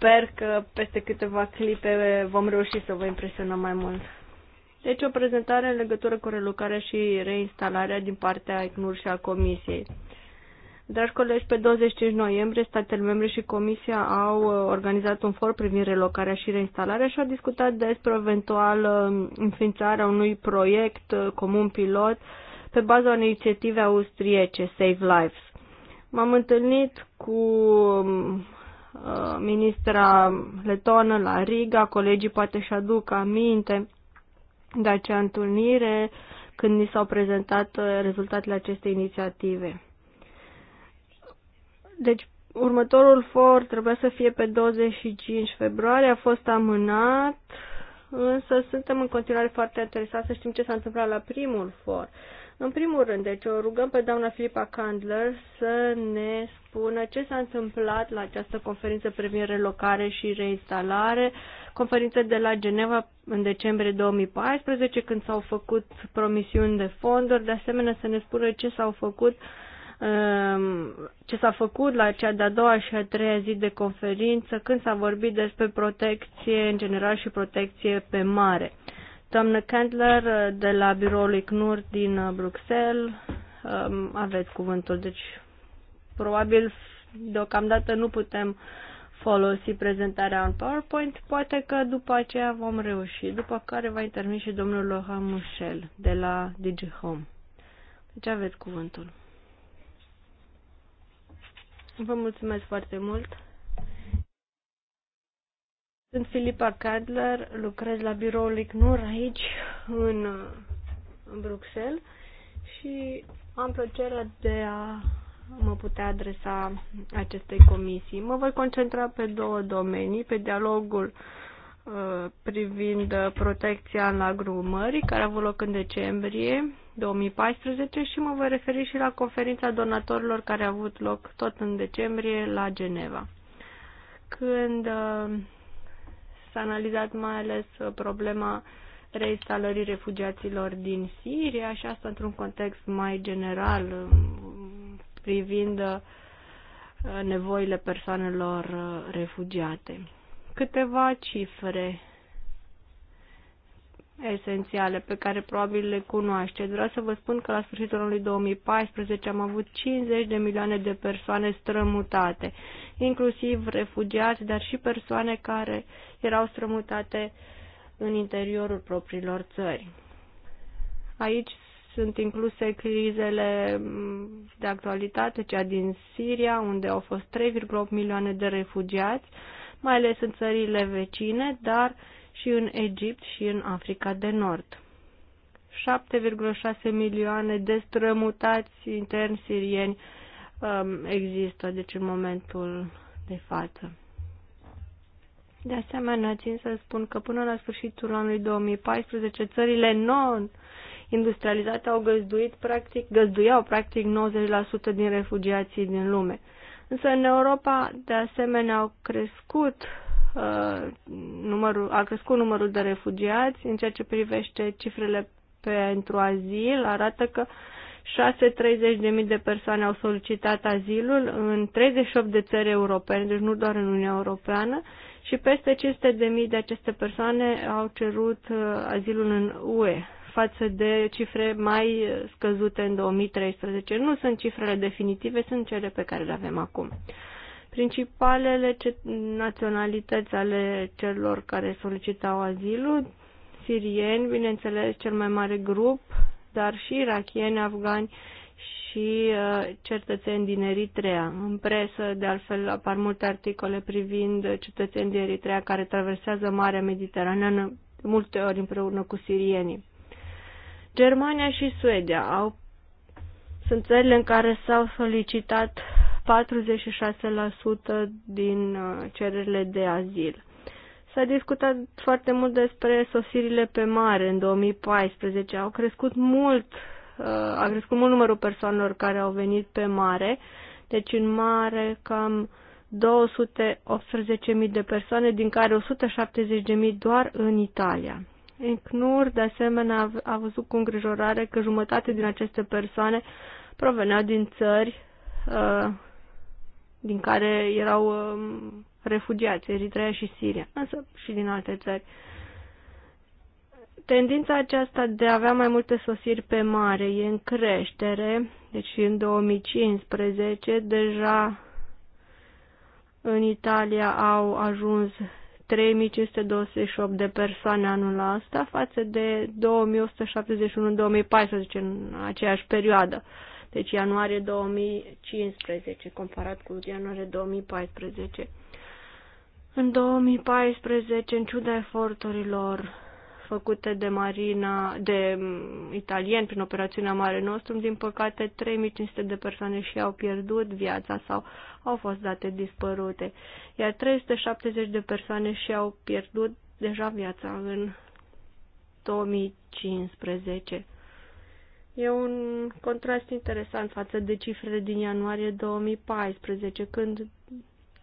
Sper că peste câteva clipe vom reuși să vă impresionăm mai mult. Deci o prezentare în legătură cu relocarea și reinstalarea din partea ICNUR și a Comisiei. Dragi colegi, pe 25 noiembrie, statele membre și Comisia au uh, organizat un for privind relocarea și reinstalarea și au discutat despre eventual um, înființarea unui proiect uh, comun pilot pe baza unei inițiative austriece, Save Lives. M-am întâlnit cu um, Uh, ministra letonă la Riga, colegii poate și aduc aminte de acea întâlnire când ni s-au prezentat uh, rezultatele acestei inițiative. Deci, următorul for trebuia să fie pe 25 februarie, a fost amânat, însă suntem în continuare foarte interesați să știm ce s-a întâmplat la primul for. În primul rând, deci o rugăm pe doamna Filipa Candler să ne spună ce s-a întâmplat la această conferință privind relocare și reinstalare, conferință de la Geneva în decembrie 2014, când s-au făcut promisiuni de fonduri, de asemenea să ne spună ce s-au făcut um, ce s-a făcut la cea de-a doua și a treia zi de conferință, când s-a vorbit despre protecție în general și protecție pe mare. Doamnă Kentler, de la biroul ICNUR din uh, Bruxelles, um, aveți cuvântul. Deci, probabil, deocamdată nu putem folosi prezentarea în PowerPoint. Poate că după aceea vom reuși, după care va intervi și domnul Lohan Mușel de la DigiHome. Deci aveți cuvântul. Vă mulțumesc foarte mult. Sunt Filipa Cadler, lucrez la biroul ICNUR aici, în, în Bruxelles și am plăcerea de a mă putea adresa acestei comisii. Mă voi concentra pe două domenii, pe dialogul uh, privind uh, protecția în lagul care a avut loc în decembrie 2014 și mă voi referi și la conferința donatorilor care a avut loc tot în decembrie la Geneva. Când uh, S-a analizat mai ales problema reinstalării refugiaților din Siria și asta într-un context mai general privind uh, nevoile persoanelor uh, refugiate. Câteva cifre esențiale pe care probabil le cunoașteți. Vreau să vă spun că la sfârșitul anului 2014 am avut 50 de milioane de persoane strămutate, inclusiv refugiați, dar și persoane care erau strămutate în interiorul propriilor țări. Aici sunt incluse crizele de actualitate, cea din Siria, unde au fost 3,8 milioane de refugiați, mai ales în țările vecine, dar uh, și în Egipt și în Africa de Nord. 7,6 milioane de strămutați interni sirieni um, există, deci în momentul de față. De asemenea, țin să spun că până la sfârșitul anului 2014, țările non-industrializate au găzduit, practic, găzduiau practic 90% din refugiații din lume. Însă în Europa, de asemenea, au crescut uh, Uh, numărul, a crescut numărul de refugiați. În ceea ce privește cifrele pentru azil, arată că 630.000 de persoane au solicitat azilul în 38 de țări europene, deci nu doar în Uniunea Europeană, și peste 500.000 de aceste persoane au cerut uh, azilul în UE față de cifre mai scăzute în 2013. Nu sunt cifrele definitive, sunt cele pe care le avem acum. Principalele naționalități ale celor care solicitau azilul, sirieni, bineînțeles, cel mai mare grup, dar și irachieni, afgani și uh, cetățeni din Eritrea. În presă, de altfel, apar multe articole privind cetățeni din Eritrea care traversează Marea Mediteraneană multe ori împreună cu sirienii. Germania și Suedia au, sunt țările în care s-au solicitat 46% din uh, cererile de azil. S-a discutat foarte mult despre sosirile pe mare în 2014. Au crescut mult, uh, a crescut mult numărul persoanelor care au venit pe mare, deci în mare cam 218.000 de persoane, din care 170.000 doar în Italia. CNUR, de asemenea, a văzut cu îngrijorare că jumătate din aceste persoane proveneau din țări uh, din care erau um, refugiați, Eritrea și Siria, însă și din alte țări. Tendința aceasta de a avea mai multe sosiri pe mare e în creștere, deci în 2015 deja în Italia au ajuns 3528 de persoane anul asta față de 2171 în 2014 în aceeași perioadă deci ianuarie 2015 comparat cu ianuarie 2014. În 2014, în ciuda eforturilor făcute de marina, de mm, italieni prin operațiunea Mare Nostrum, din păcate 3500 de persoane și au pierdut viața sau au fost date dispărute, iar 370 de persoane și au pierdut deja viața în 2015. E un contrast interesant față de cifrele din ianuarie 2014, când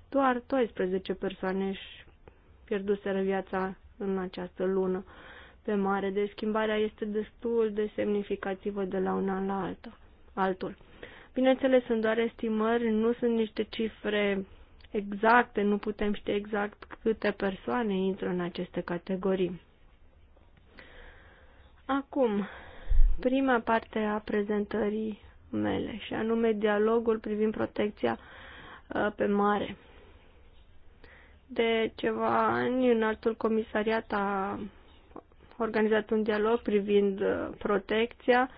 doar 12 persoane își pierduseră viața în această lună pe mare. Deci schimbarea este destul de semnificativă de la un an la alta, altul. Bineînțeles, sunt doar estimări, nu sunt niște cifre exacte, nu putem ști exact câte persoane intră în aceste categorii. Acum, prima parte a prezentării mele, și anume dialogul privind protecția uh, pe mare. De ceva ani, în altul comisariat a organizat un dialog privind uh, protecția.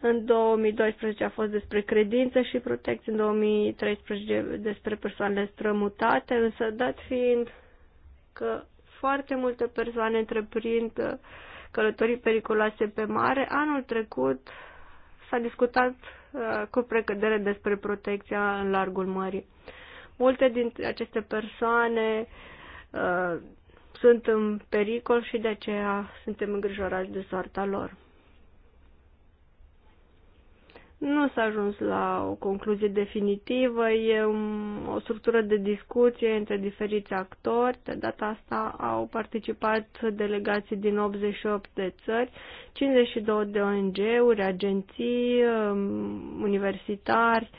În 2012 a fost despre credință și protecție, în 2013 despre persoanele strămutate, însă dat fiind că foarte multe persoane întreprind uh, călătorii periculoase pe mare, anul trecut s-a discutat uh, cu precădere despre protecția în largul mării. Multe dintre aceste persoane uh, sunt în pericol și de aceea suntem îngrijorați de soarta lor. Nu s-a ajuns la o concluzie definitivă, e o structură de discuție între diferiți actori. De data asta au participat delegații din 88 de țări, 52 de ONG-uri, agenții, um, universitari.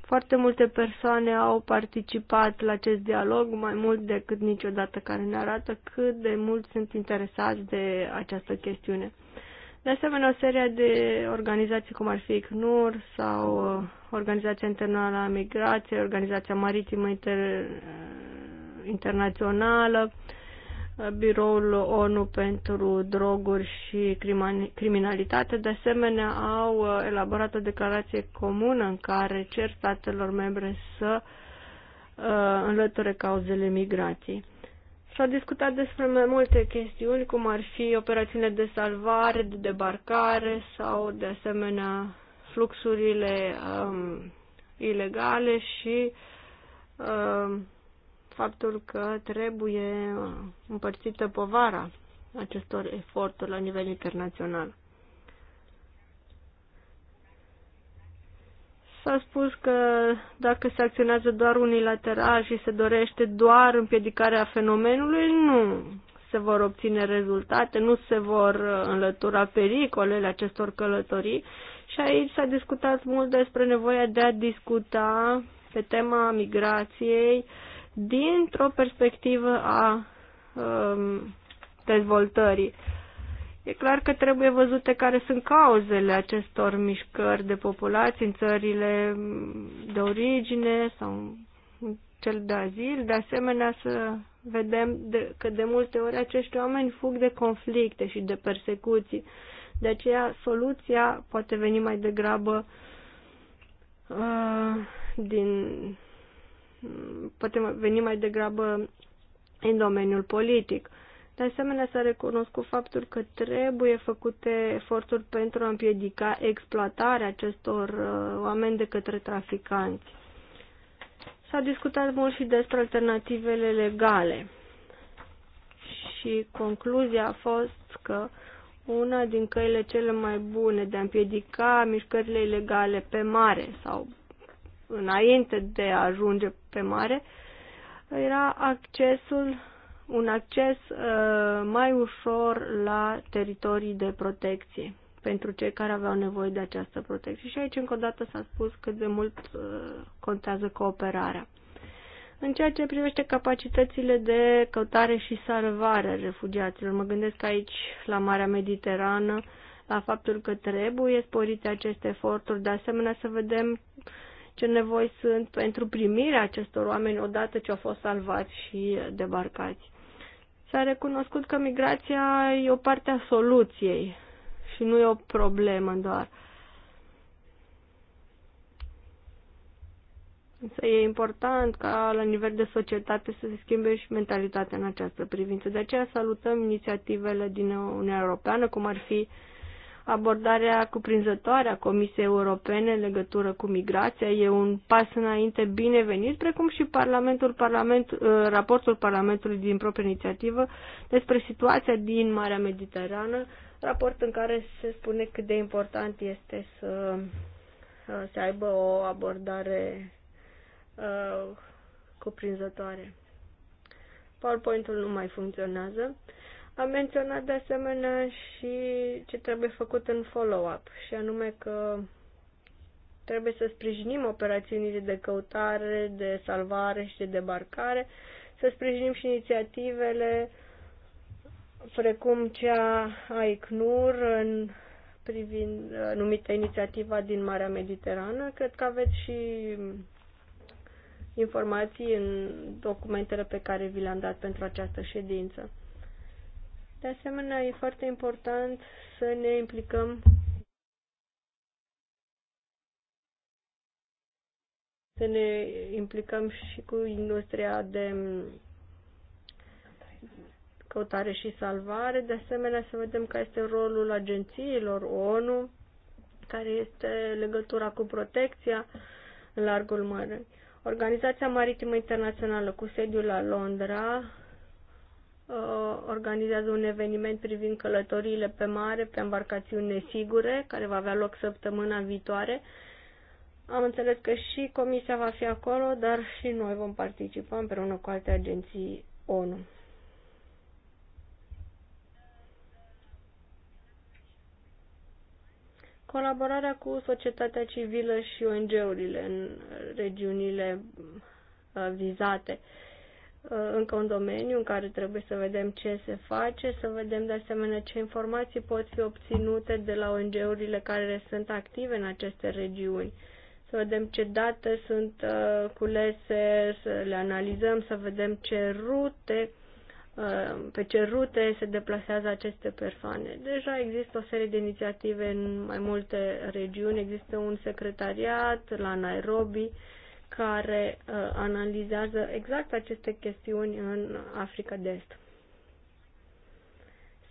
Foarte multe persoane au participat la acest dialog, mai mult decât niciodată, care ne arată cât de mult sunt interesați de această chestiune. De asemenea, o serie de organizații cum ar fi ICNUR sau uh, Organizația Internațională a Migrației, Organizația Maritimă Inter... Uh, Internațională, uh, Biroul ONU pentru droguri și criminalitate, de asemenea, au elaborat o declarație comună în care cer statelor membre să înlăture cauzele migrației. S-a discutat despre mai multe chestiuni, cum ar fi operațiunile de salvare, de debarcare sau, de asemenea, fluxurile um, ilegale și um, faptul că trebuie împărțită povara acestor eforturi la nivel internațional. S-a spus că dacă se acționează doar unilateral și se dorește doar împiedicarea fenomenului, nu se vor obține rezultate, nu se vor uh, înlătura pericolele acestor călătorii. Și aici s-a discutat mult despre nevoia de a discuta pe tema migrației dintr-o perspectivă a um, dezvoltării. E clar că trebuie văzute care sunt cauzele acestor mișcări de populație în țările de origine sau în cel de azil. De asemenea, să vedem de, că de multe ori acești oameni fug de conflicte și de persecuții. De aceea, soluția poate veni mai degrabă uh, din. poate veni mai degrabă în domeniul politic. Uh, de asemenea, s-a recunoscut faptul că trebuie făcute eforturi pentru a împiedica exploatarea acestor uh, oameni de către traficanți. S-a discutat mult și despre alternativele legale și concluzia a fost că una din căile cele mai bune de a împiedica mișcările ilegale pe mare sau înainte de a ajunge pe mare era accesul un acces uh, mai ușor la teritorii de protecție pentru cei care aveau nevoie de această protecție. Și aici încă o dată s-a spus cât de mult uh, contează cooperarea. În ceea ce privește capacitățile de căutare și salvare a refugiaților, mă gândesc aici la Marea Mediterană, la faptul că trebuie sporite aceste eforturi, de asemenea să vedem ce nevoi sunt pentru primirea acestor oameni odată ce au fost salvați și debarcați. S-a recunoscut că migrația e o parte a soluției și nu e o problemă doar. Însă e important ca la nivel de societate să se schimbe și mentalitatea în această privință. De aceea salutăm inițiativele din Uniunea Europeană, cum ar fi uh, abordarea cuprinzătoare a Comisiei Europene în legătură cu migrația. E un pas înainte binevenit, precum și Parlamentul, Parlament, uh, raportul Parlamentului din proprie inițiativă despre situația din Marea Mediterană, raport în care se spune cât de important este să se aibă o abordare uh, cuprinzătoare. PowerPoint-ul nu mai funcționează. Am menționat de asemenea și ce trebuie făcut în follow-up, și anume că trebuie să sprijinim operațiunile de căutare, de salvare și de debarcare, să sprijinim și inițiativele precum cea a ICNUR în privind numită inițiativa din Marea Mediterană. Cred că aveți și informații în documentele pe care vi le-am dat pentru această ședință. De asemenea, e foarte important să ne implicăm să ne implicăm și cu industria de căutare și salvare, de asemenea să vedem care este rolul agențiilor ONU, care este legătura cu protecția în largul mării. Organizația Maritimă Internațională cu sediul la Londra Uh, organizează un eveniment privind călătoriile pe mare, pe embarcațiuni nesigure, care va avea loc săptămâna viitoare. Am înțeles că și comisia va fi acolo, dar și noi vom participa împreună cu alte agenții ONU. Colaborarea cu societatea civilă și ONG-urile în regiunile uh, vizate. Uh, Uh, încă un domeniu în care trebuie să vedem ce se face, să vedem de asemenea ce informații pot fi obținute de la ONG-urile care sunt active în aceste regiuni, să vedem ce date sunt uh, culese, să le analizăm, să vedem ce rute uh, pe ce rute se deplasează aceste persoane. Deja există o serie de inițiative în mai multe regiuni, există un secretariat la Nairobi, care uh, analizează exact aceste chestiuni în Africa de Est.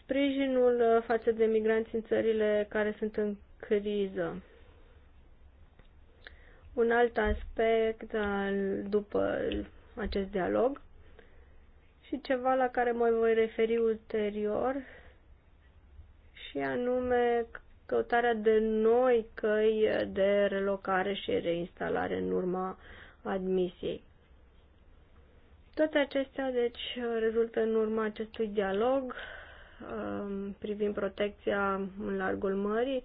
Sprijinul uh, față de migranți în țările care sunt în criză. Un alt aspect al, după acest dialog și ceva la care mă voi referi ulterior și anume căutarea de noi căi de relocare și reinstalare în urma admisiei. Toate acestea, deci, rezultă în urma acestui dialog um, privind protecția în largul mării.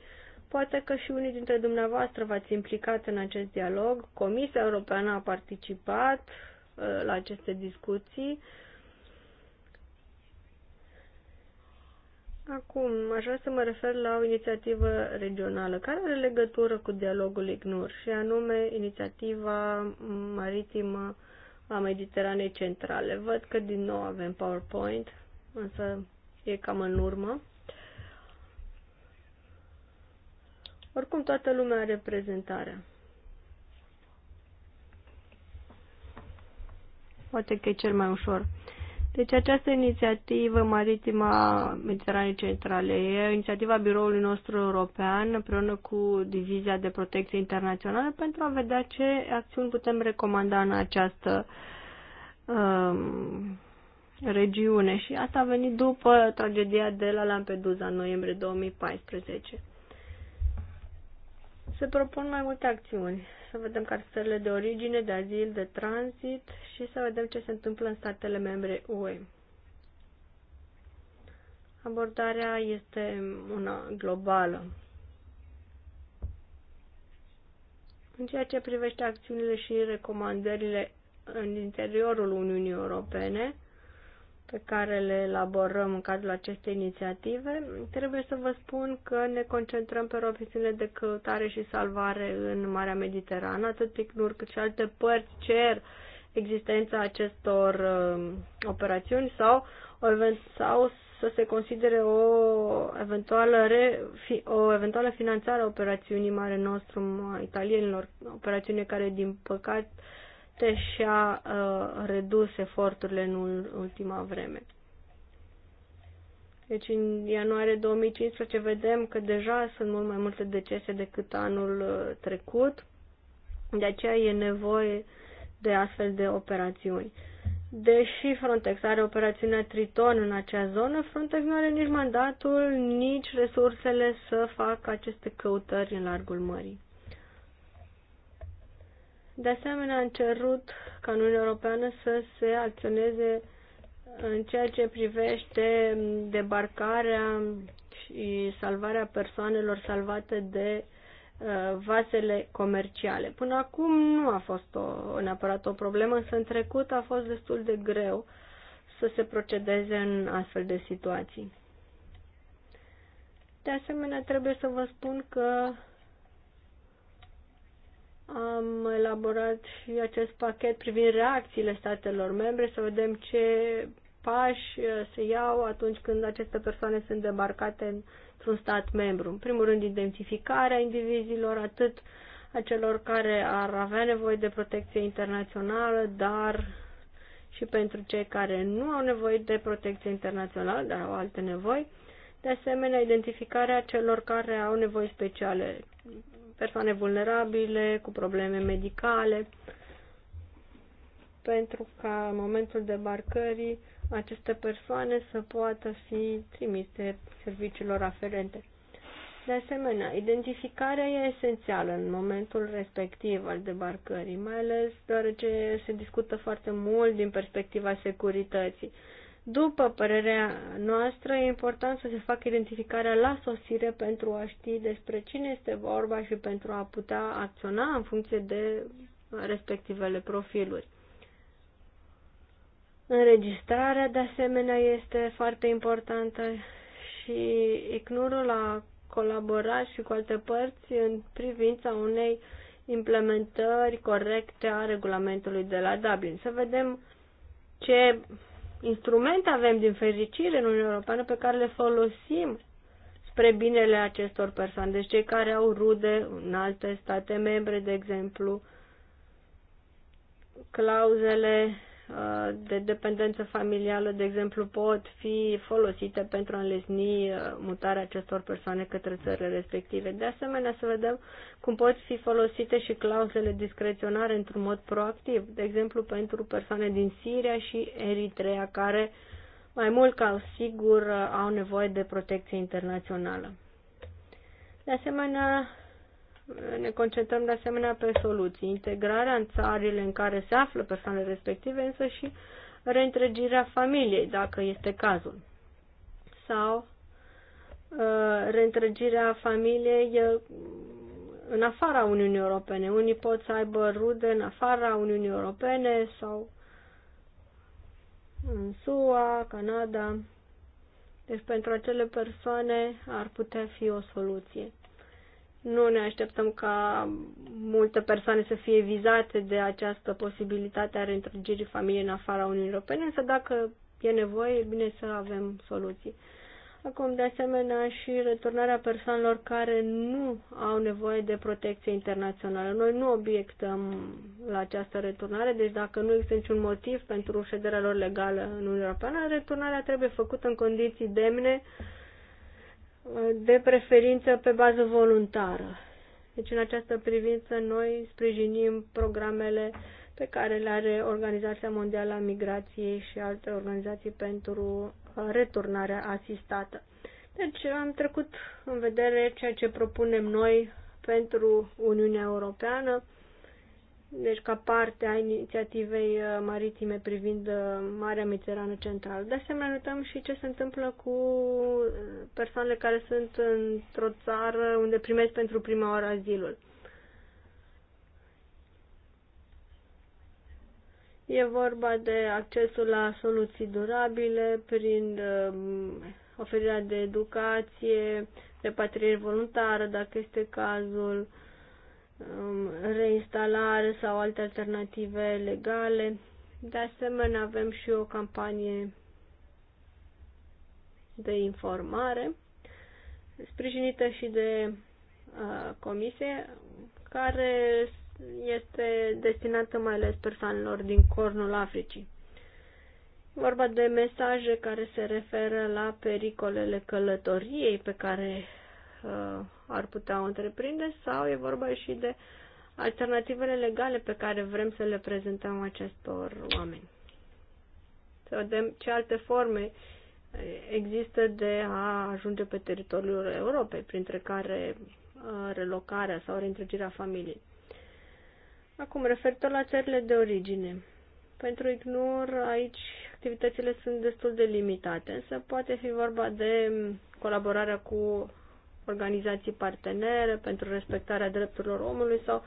Poate că și unii dintre dumneavoastră v-ați implicat în acest dialog. Comisia Europeană a participat uh, la aceste discuții. Acum, aș vrea să mă refer la o inițiativă regională care are legătură cu dialogul IGNUR și anume inițiativa maritimă a Mediteranei Centrale. Văd că din nou avem PowerPoint, însă e cam în urmă. Oricum, toată lumea are prezentarea. Poate că e cel mai ușor. Deci această inițiativă maritimă a Mediteranei Centrale e inițiativa biroului nostru european împreună cu Divizia de Protecție Internațională pentru a vedea ce acțiuni putem recomanda în această um, regiune și asta a venit după tragedia de la Lampedusa în noiembrie 2014. Se propun mai multe acțiuni să vedem care sunt țările de origine, de azil, de tranzit și să vedem ce se întâmplă în statele membre UE. Abordarea este una globală. În ceea ce privește acțiunile și recomandările în interiorul Uniunii Europene, pe care le elaborăm în cadrul acestei inițiative, trebuie să vă spun că ne concentrăm pe operațiunile de căutare și salvare în Marea Mediterană, atât PICNUR cât și alte părți cer existența acestor uh, operațiuni sau, o, sau să se considere o eventuală, re, fi, o eventuală finanțare a operațiunii Mare Nostrum a italienilor, operațiune care, din păcate, poate și-a uh, redus eforturile în ultima vreme. Deci în ianuarie 2015 vedem că deja sunt mult mai multe decese decât anul uh, trecut, de aceea e nevoie de astfel de operațiuni. Deși Frontex are operațiunea Triton în acea zonă, Frontex nu are nici mandatul, nici resursele să facă aceste căutări în largul mării. De asemenea, am cerut ca Uniunea Europeană să se acționeze în ceea ce privește debarcarea și salvarea persoanelor salvate de uh, vasele comerciale. Până acum nu a fost o, neapărat o problemă, însă în trecut a fost destul de greu să se procedeze în astfel de situații. De asemenea, trebuie să vă spun că am elaborat și acest pachet privind reacțiile statelor membre, să vedem ce pași uh, se iau atunci când aceste persoane sunt debarcate într-un stat membru. În primul rând, identificarea indivizilor, atât a celor care ar avea nevoie de protecție internațională, dar și pentru cei care nu au nevoie de protecție internațională, dar au alte nevoi de asemenea, identificarea celor care au nevoi speciale, persoane vulnerabile, cu probleme medicale, pentru ca în momentul debarcării aceste persoane să poată fi trimise serviciilor aferente. De asemenea, identificarea e esențială în momentul respectiv al debarcării, mai ales deoarece se discută foarte mult din perspectiva securității. După părerea noastră, e important să se facă identificarea la sosire pentru a ști despre cine este vorba și pentru a putea acționa în funcție de respectivele profiluri. Înregistrarea, de asemenea, este foarte importantă și ICNUR-ul a colaborat și cu alte părți în privința unei implementări corecte a regulamentului de la Dublin. Să vedem ce instrumente avem din fericire în Uniunea Europeană pe care le folosim spre binele acestor persoane. Deci cei care au rude în alte state membre, de exemplu, clauzele Uh, de dependență familială, de exemplu, pot fi folosite pentru a înlesni uh, mutarea acestor persoane către țările respective. De asemenea, să vedem cum pot fi folosite și clauzele discreționare într-un mod proactiv, de exemplu, pentru persoane din Siria și Eritrea, care mai mult ca sigur uh, au nevoie de protecție internațională. De asemenea, ne concentrăm de asemenea pe soluții, integrarea în țările în care se află persoanele respective, însă și reîntregirea familiei, dacă este cazul. Sau uh, reîntregirea familiei uh, în afara Uniunii Europene. Unii pot să aibă rude în afara Uniunii Europene sau în SUA, Canada. Deci pentru acele persoane ar putea fi o soluție. Nu ne așteptăm ca multe persoane să fie vizate de această posibilitate a reîntrăgirii familiei în afara Uniunii Europene, însă dacă e nevoie, e bine să avem soluții. Acum, de asemenea, și returnarea persoanelor care nu au nevoie de protecție internațională. Noi nu obiectăm la această returnare, deci dacă nu există niciun motiv pentru șederea lor legală în Uniunea Europeană, returnarea trebuie făcută în condiții demne, uh, de preferință pe bază voluntară. Deci, în această privință, noi sprijinim programele pe care le are Organizația Mondială a Migrației și alte organizații pentru uh, returnarea asistată. Deci am trecut în vedere ceea ce propunem noi pentru Uniunea Europeană deci ca parte a inițiativei uh, maritime privind uh, Marea Mediterană Centrală. De asemenea, uităm și ce se întâmplă cu uh, persoanele care sunt într-o țară unde primesc pentru prima oară azilul. E vorba de accesul la soluții durabile prin oferirea de educație, repatriere voluntară, dacă este cazul, Um, reinstalare sau alte alternative legale. De asemenea, avem și o campanie de informare, sprijinită și de uh, comisie, care este destinată mai ales persoanelor din cornul Africii. Vorba de mesaje care se referă la pericolele călătoriei pe care uh, ar putea o întreprinde sau e vorba și de alternativele legale pe care vrem să le prezentăm acestor oameni. Să vedem ce alte forme eh, există de a ajunge pe teritoriul Europei, printre care eh, relocarea sau reîntregirea familiei. Acum, referitor la țările de origine. Pentru ignor, aici activitățile sunt destul de limitate, însă poate fi vorba de colaborarea cu organizații partenere pentru respectarea drepturilor omului sau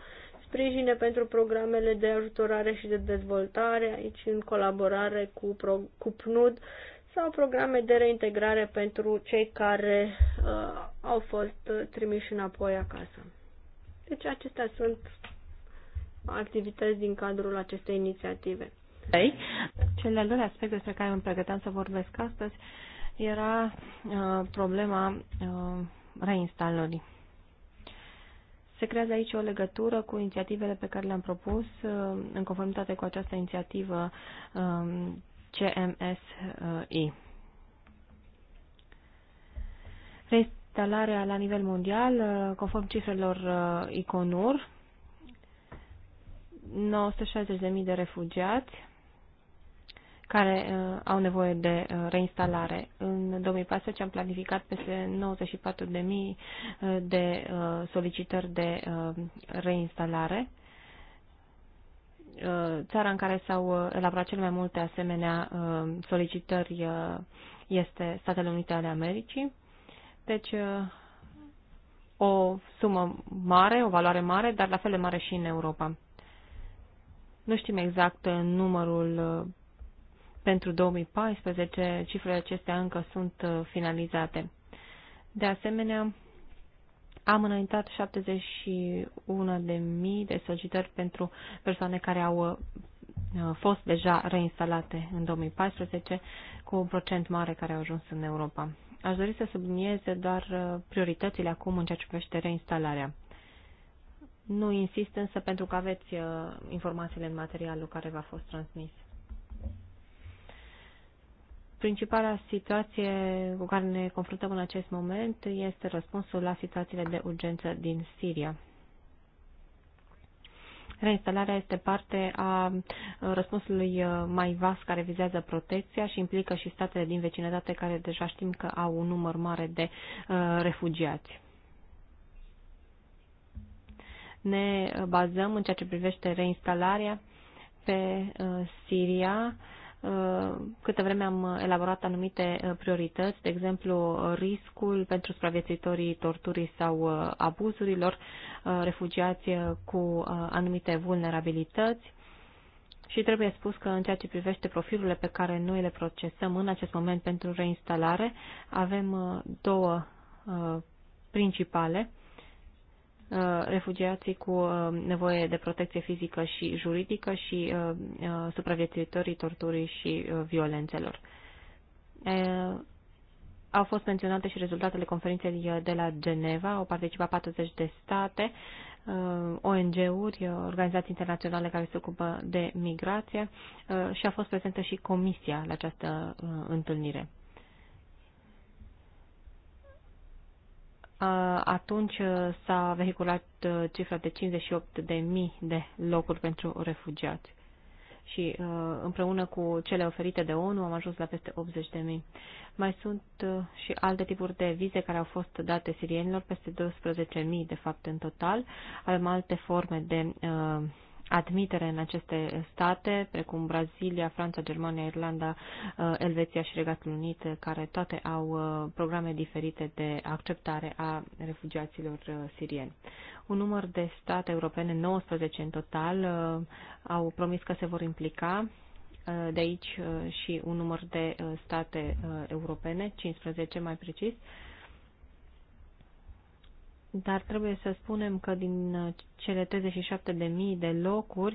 sprijine pentru programele de ajutorare și de dezvoltare, aici în colaborare cu, Pro, cu PNUD, sau programe de reintegrare pentru cei care uh, au fost uh, trimiși înapoi acasă. Deci acestea sunt activități din cadrul acestei inițiative. Ei, cel de-al doilea aspect despre care îmi pregăteam să vorbesc astăzi era uh, problema uh, reinstalării. Se creează aici o legătură cu inițiativele pe care le-am propus uh, în conformitate cu această inițiativă um, CMSI. Reinstalarea la nivel mondial, uh, conform cifrelor uh, ICONUR, 960.000 de refugiați, care uh, au nevoie de uh, reinstalare. În 2014 am planificat peste 94.000 uh, de uh, solicitări de uh, reinstalare. Uh, țara în care s-au uh, elaborat cel mai multe asemenea solicitări este Statele Unite ale Americii. Deci, o sumă mare, o valoare mare, dar la fel de mare și în Europa. Nu știm exact numărul pentru 2014 cifrele acestea încă sunt uh, finalizate. De asemenea, am înaintat 71.000 de solicitări pentru persoane care au uh, fost deja reinstalate în 2014, cu un procent mare care au ajuns în Europa. Aș dori să subliniez doar uh, prioritățile acum în ceea ce privește reinstalarea. Nu insist însă pentru că aveți informațiile în materialul care v-a fost transmis. Principala situație cu care ne confruntăm în acest moment este răspunsul la situațiile de urgență din Siria. Reinstalarea este parte a răspunsului mai vast care vizează protecția și implică și statele din vecinătate care deja știm că au un număr mare de uh, refugiați ne bazăm în ceea ce privește reinstalarea pe uh, Siria Uh, câte vreme am elaborat anumite uh, priorități, de exemplu riscul pentru supraviețuitorii torturii sau uh, abuzurilor, refugiați cu anumite vulnerabilități. Și trebuie spus că în ceea ce privește profilurile pe care noi le procesăm în acest moment pentru reinstalare, avem două principale Uh, refugiații cu uh, nevoie de protecție fizică și juridică și uh, supraviețuitorii torturii și violențelor. Au fost menționate și rezultatele conferinței de la Geneva, au participat 40 de state, ONG-uri, organizații internaționale care se ocupă de migrație și a fost prezentă și comisia la această întâlnire. atunci uh, s-a vehiculat uh, cifra de 58.000 de locuri pentru refugiați. Și uh, împreună cu cele oferite de ONU am ajuns la peste 80.000. Mai sunt și alte tipuri de vize care au fost date sirienilor, peste 12.000 de fapt în total. Avem alte forme de admitere în aceste state, precum Brazilia, Franța, Germania, Irlanda, uh, Elveția și Regatul Unit, uh, care toate au uh, programe diferite de acceptare a refugiaților sirieni. Un număr de state europene, 19 în total, au promis că se vor implica de aici și un număr de state europene, 15 mai precis, dar trebuie să spunem că din uh, cele 37.000 de locuri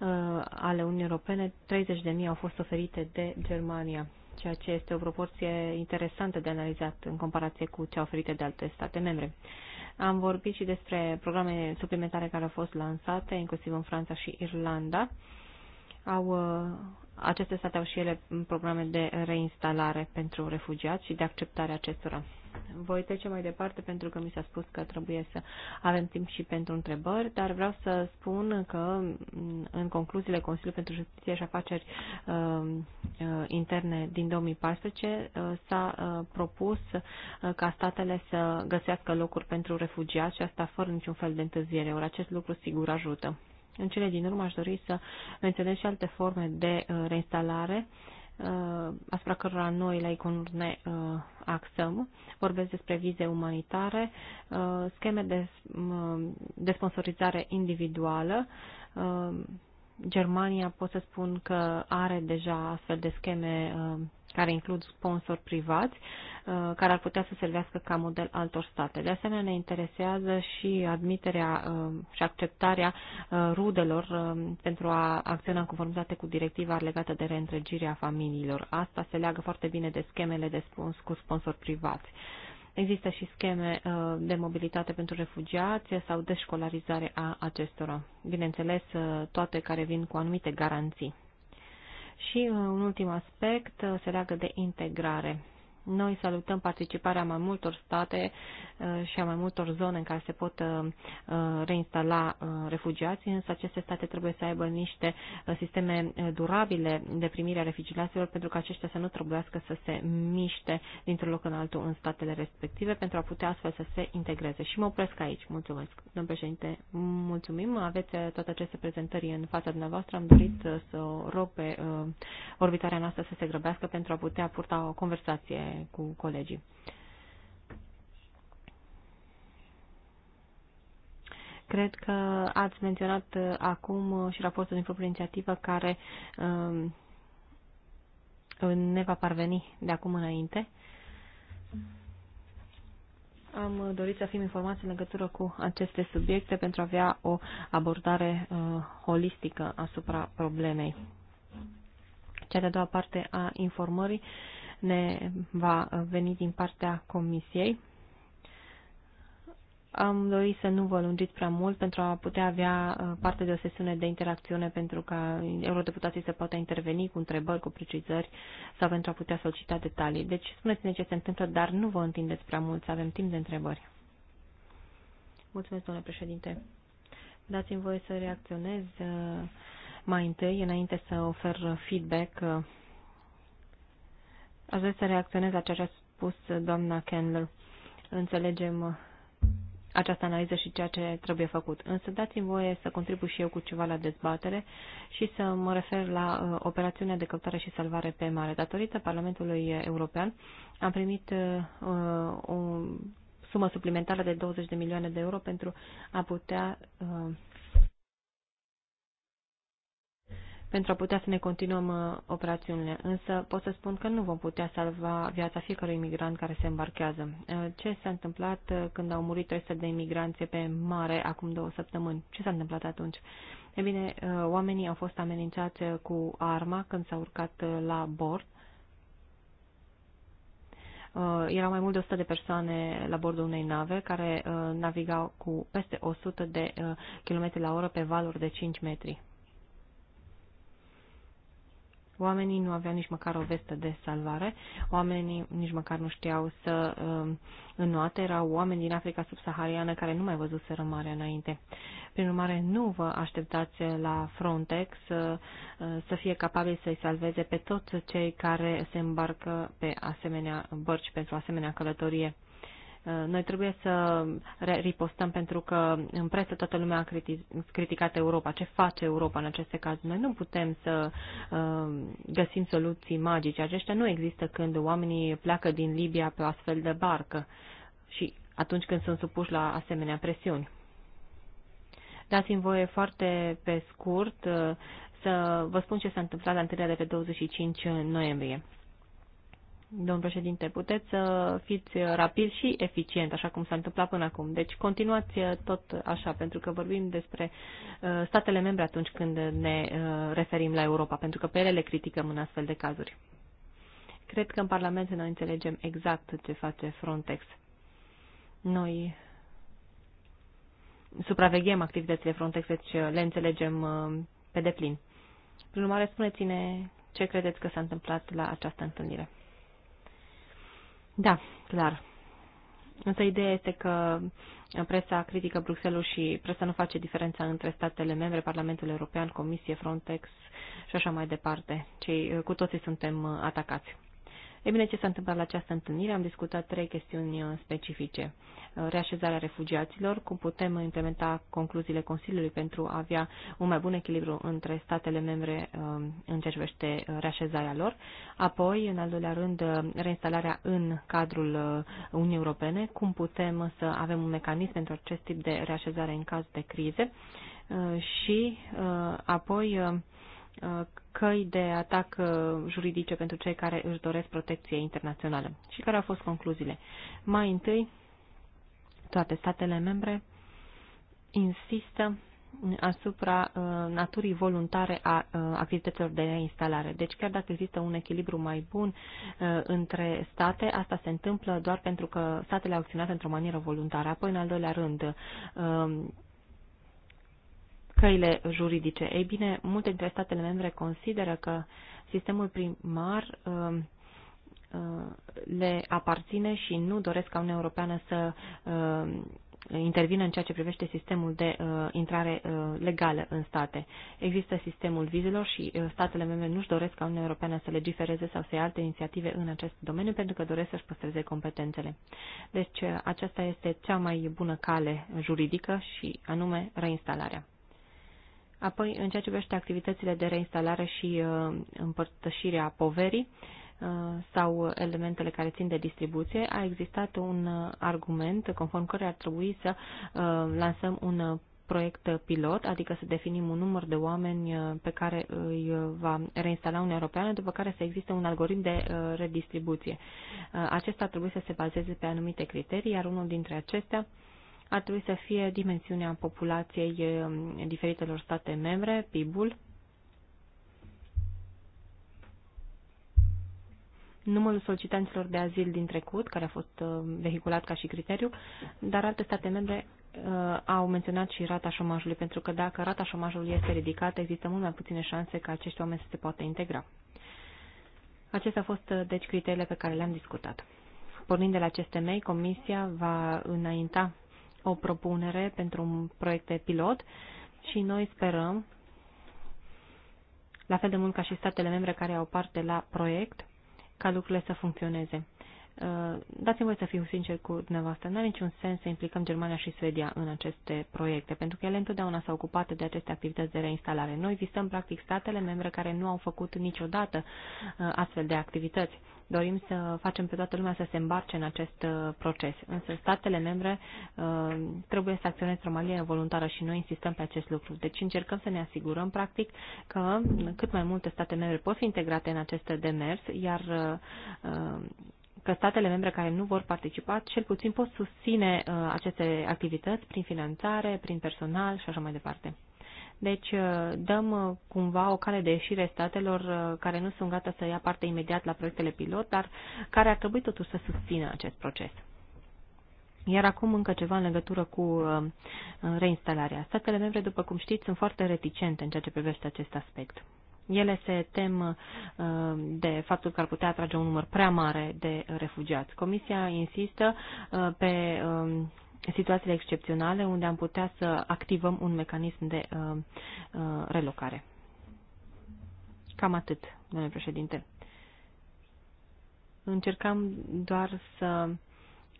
uh, ale Uniunii Europene, 30.000 au fost oferite de Germania, ceea ce este o proporție interesantă de analizat în comparație cu cea oferită de alte state membre. Am vorbit și despre programe suplimentare care au fost lansate, inclusiv în Franța și Irlanda. Au, uh, aceste state au și ele programe de reinstalare pentru refugiați și de acceptare acestora. Voi trece mai departe pentru că mi s-a spus că trebuie să avem timp și pentru întrebări, dar vreau să spun că mm, în concluziile Consiliului pentru Justiție și Afaceri uh, uh Interne din 2014 uh, s-a uh, propus uh, ca statele să găsească locuri pentru refugiați și asta fără niciun fel de întârziere. Ori acest lucru sigur ajută. În cele din urmă aș dori să menționez și alte forme de uh, reinstalare uh, Uh, asupra cărora noi la ICON ne uh, axăm. Vorbesc despre vize umanitare, uh, scheme de, de sponsorizare individuală. Germania pot să spun că are deja astfel de scheme care includ sponsori privați, uh, care ar putea să servească ca model altor state. De asemenea, ne interesează și admiterea uh, și acceptarea uh, rudelor pentru a acționa în conformitate cu directiva legată de reîntregirea familiilor. Asta se leagă foarte bine de schemele de spons cu sponsori privați. Există și scheme de mobilitate pentru refugiați sau de școlarizare a acestora. Bineînțeles, toate care vin cu anumite garanții. Și uh, un ultim aspect uh, se leagă de integrare. Noi salutăm participarea mai multor state uh, și a mai multor zone în care se pot uh, uh, reinstala refugiații, însă aceste state trebuie să aibă niște sisteme durabile de primire a refugiaților pentru că aceștia să nu trebuiască să se miște dintr-un loc în altul în statele respective pentru a putea astfel să se integreze. Și mă opresc aici. Mulțumesc. Domnul președinte, mulțumim. Aveți toate aceste prezentări în fața dumneavoastră. Am dorit să o rog pe orbitarea noastră să se grăbească pentru a putea purta o conversație cu colegii. Cred că ați menționat uh, acum uh, și raportul din propria inițiativă care um, ne va parveni de acum înainte. Am uh, dorit să fim informați în legătură cu aceste subiecte pentru a avea o abordare uh, holistică asupra problemei. Cea de-a doua parte a informării ne va veni din partea Comisiei. Am dorit să nu vă lungiți prea mult pentru a putea avea uh, parte de o sesiune de interacțiune pentru ca eurodeputații să poată interveni cu întrebări, cu precizări sau pentru a putea solicita detalii. Deci spuneți-ne ce se întâmplă, dar nu vă întindeți prea mult, să avem timp de întrebări. Mulțumesc, domnule președinte. Dați-mi voie să reacționez uh, mai întâi, înainte să ofer feedback uh, Aș vrea să reacționez la ceea ce a spus doamna Kendall. Înțelegem uh, această analiză și ceea ce trebuie făcut. Însă dați-mi voie să contribu și eu cu ceva la dezbatere și să mă refer la uh, operațiunea de căutare și salvare pe mare. Datorită Parlamentului European am primit uh, uh o sumă suplimentară de 20 de milioane de euro pentru a putea uh, pentru a putea să ne continuăm uh, operațiunile. Însă pot să spun că nu vom putea salva viața fiecărui imigrant care se Uh, Ce s-a întâmplat uh, când au murit 300 de imigranți pe mare acum două săptămâni? Ce s-a întâmplat atunci? E bine, uh, oamenii au fost amenințați cu arma când s-au urcat la bord. Erau mai mult de 100 de persoane la bordul unei nave care navigau cu peste 100 de km la oră pe valuri de 5 metri. Oamenii nu aveau nici măcar o vestă de salvare, oamenii nici măcar nu știau să uh, um, înoate, erau oameni din Africa subsahariană care nu mai văzuseră mare înainte. Prin urmare, nu vă așteptați la Frontex uh, uh, să fie capabil să-i salveze pe toți cei care se îmbarcă pe asemenea bărci pentru asemenea călătorie. Eh, noi trebuie să ripostăm pentru că în presă toată lumea a criticat Europa. Ce face Europa în aceste cazuri? Noi nu putem să eh, găsim soluții magice. Aceștia nu există când oamenii pleacă din Libia pe o astfel de barcă și atunci când sunt supuși la asemenea presiuni. Dați-mi voie foarte pe scurt eh, să vă spun ce s-a întâmplat la întâlnirea de pe 25 noiembrie domnul președinte, puteți să fiți rapid și eficient, așa cum s-a întâmplat până acum. Deci continuați uh, tot așa, pentru că vorbim despre uh, statele membre atunci când ne uh, referim la Europa, pentru că pe ele le criticăm în astfel de cazuri. Cred că în Parlament noi înțelegem exact ce face Frontex. Noi supraveghem activitățile Frontex, deci le înțelegem pe deplin. Prin urmare, spuneți-ne ce credeți că s-a întâmplat la această întâlnire. Da, clar. Însă ideea este că presa critică Bruxelles și presa nu face diferența între statele membre, Parlamentul European, Comisie, Frontex și așa mai departe. Cei, cu toții suntem uh, atacați. E bine, ce s-a întâmplat la această întâlnire? Am discutat trei chestiuni uh, specifice. Uh, reașezarea refugiaților, cum putem implementa concluziile Consiliului pentru a avea un mai bun echilibru între statele membre um, în ce privește uh, reașezarea lor. Apoi, în al doilea rând, reinstalarea în cadrul Uniunii Europene, cum putem să avem un mecanism pentru acest tip de reașezare în caz de crize și apoi Uh, căi de atac uh, juridice pentru cei care își doresc protecție internațională. Și care au fost concluziile? Mai întâi, toate statele membre insistă asupra uh, naturii voluntare a activităților de instalare. Deci chiar dacă există un echilibru mai bun între state, asta se întâmplă doar pentru că statele au acționat într-o manieră voluntară. Apoi, în al doilea rând, căile juridice. Ei bine, multe dintre statele membre consideră că sistemul primar um, uh, le aparține și nu doresc ca Uniunea Europeană să um, intervină în ceea ce privește sistemul de uh, intrare uh, legală în state. Există sistemul vizelor și uh, statele membre nu-și doresc ca Uniunea Europeană să legifereze sau să ia alte inițiative în acest domeniu pentru că doresc să-și păstreze competențele. Deci uh, aceasta este cea mai bună cale juridică și anume reinstalarea. Apoi, în ceea ce privește activitățile de reinstalare și uh, împărtășirea poverii uh, sau elementele care țin de distribuție, a existat un argument conform care ar trebui să uh, lansăm un proiect pilot, adică să definim un număr de oameni pe care îi va reinstala Uniunea Europeană, după care să existe un algoritm de redistribuție. Acesta trebuie să se bazeze pe anumite criterii, iar unul dintre acestea ar trebui să fie dimensiunea populației um, diferitelor state membre, PIB-ul, numărul solicitanților de azil din trecut, care a fost um, vehiculat ca și criteriu, dar alte state membre uh, au menționat și rata șomajului, pentru că dacă rata șomajului este ridicată, există mult mai puține șanse ca acești oameni să se poată integra. Acestea au fost, uh, deci, criteriile pe care le-am discutat. Pornind de la aceste mei, Comisia va înainta o propunere pentru un de pilot și noi sperăm, la fel de mult ca și statele membre care au parte la proiect, ca lucrurile să funcționeze. Uh, dați-mi voi să fiu sincer cu dumneavoastră, n-are niciun sens să implicăm Germania și Suedia în aceste proiecte, pentru că ele întotdeauna s-au ocupat de aceste activități de reinstalare. Noi visăm practic statele membre care nu au făcut niciodată uh, astfel de activități Dorim să facem pe toată lumea să se îmbarce în acest uh, proces. Însă statele membre uh, trebuie să acționeze într-o manieră voluntară și noi insistăm pe acest lucru. Deci încercăm să ne asigurăm, practic, că cât mai multe state membre pot fi integrate în acest demers, iar uh, că statele membre care nu vor participa, cel puțin pot susține aceste activități prin finanțare, prin personal și așa mai departe. Deci uh, dăm uh, cumva o cale de ieșire statelor uh, care nu sunt gata să ia parte imediat la proiectele pilot, dar care ar trebui totuși să susțină acest proces. Iar acum încă ceva în legătură cu reinstalarea. Statele membre, după cum știți, sunt foarte reticente în ceea ce privește acest aspect. Ele se tem de faptul că ar putea atrage un număr prea mare de refugiați. Comisia insistă pe um, situațiile excepționale unde am putea să activăm un mecanism de uh, uh, relocare. Cam atât, domnule președinte. Încercam doar să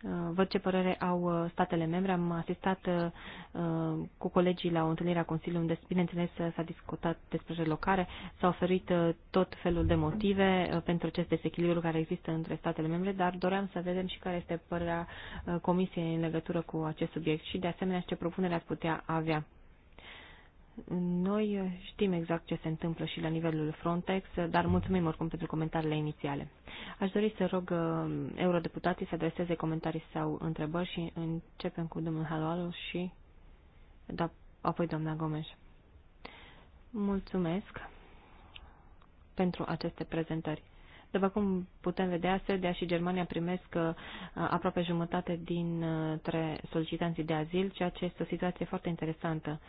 Uh, văd ce părere au uh, statele membre. Am asistat uh, cu colegii la o întâlnire a Consiliului unde, bineînțeles, s-a discutat despre relocare. S-au oferit tot felul de motive pentru acest desechilibru care există între statele membre, dar doream să vedem și care este părerea Comisiei în legătură cu acest subiect și, de asemenea, ce propunere ați putea avea. Noi știm exact ce se întâmplă și la nivelul Frontex, dar mulțumim oricum pentru comentariile inițiale. Aș dori să rog uh, eurodeputații să adreseze comentarii sau întrebări și începem cu domnul Haloalo și da, apoi doamna Gomes. Mulțumesc pentru aceste prezentări. După cum putem vedea, Serbia și Germania primesc uh, aproape jumătate dintre solicitanții de azil, ceea ce este o situație foarte interesantă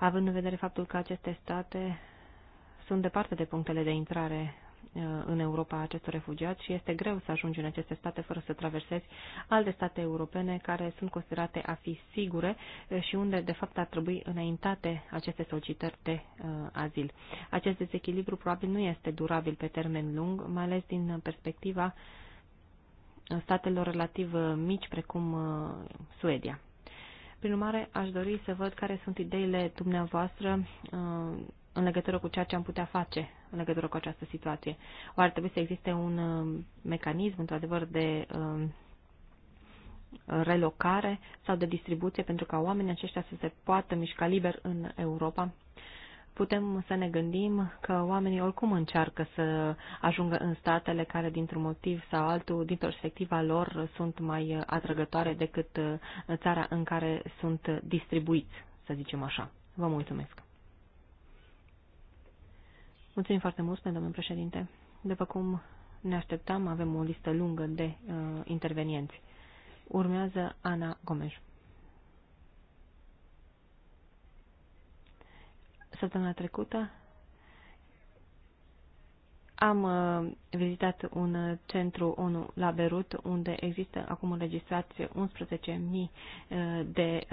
având în vedere faptul că aceste state sunt departe de punctele de intrare uh, în Europa a acestor refugiați și este greu să ajungi în aceste state fără să traversezi alte state europene care sunt considerate a fi sigure uh, și unde, de fapt, ar trebui înaintate aceste solicitări de uh, azil. Acest dezechilibru probabil nu este durabil pe termen lung, mai ales din perspectiva statelor relativ mici, precum Suedia. Prin urmare, aș dori să văd care sunt ideile dumneavoastră uh, în legătură cu ceea ce am putea face în legătură cu această situație. Oare ar trebui să existe un uh, mecanism, într-adevăr, de uh, relocare sau de distribuție pentru ca oamenii aceștia să se poată mișca liber în Europa? putem să ne gândim că oamenii oricum încearcă să ajungă în statele care, dintr-un motiv sau altul, din perspectiva lor, sunt mai atrăgătoare decât uh, țara în care sunt distribuiți, să zicem așa. Vă mulțumesc! Mulțumim foarte mult, domnule președinte. După cum ne așteptam, avem o listă lungă de uh, intervenienți. Urmează Ana Gomes. săptămâna trecută am uh, vizitat un uh, centru ONU la Beirut, unde există acum înregistrați 11.000 uh, de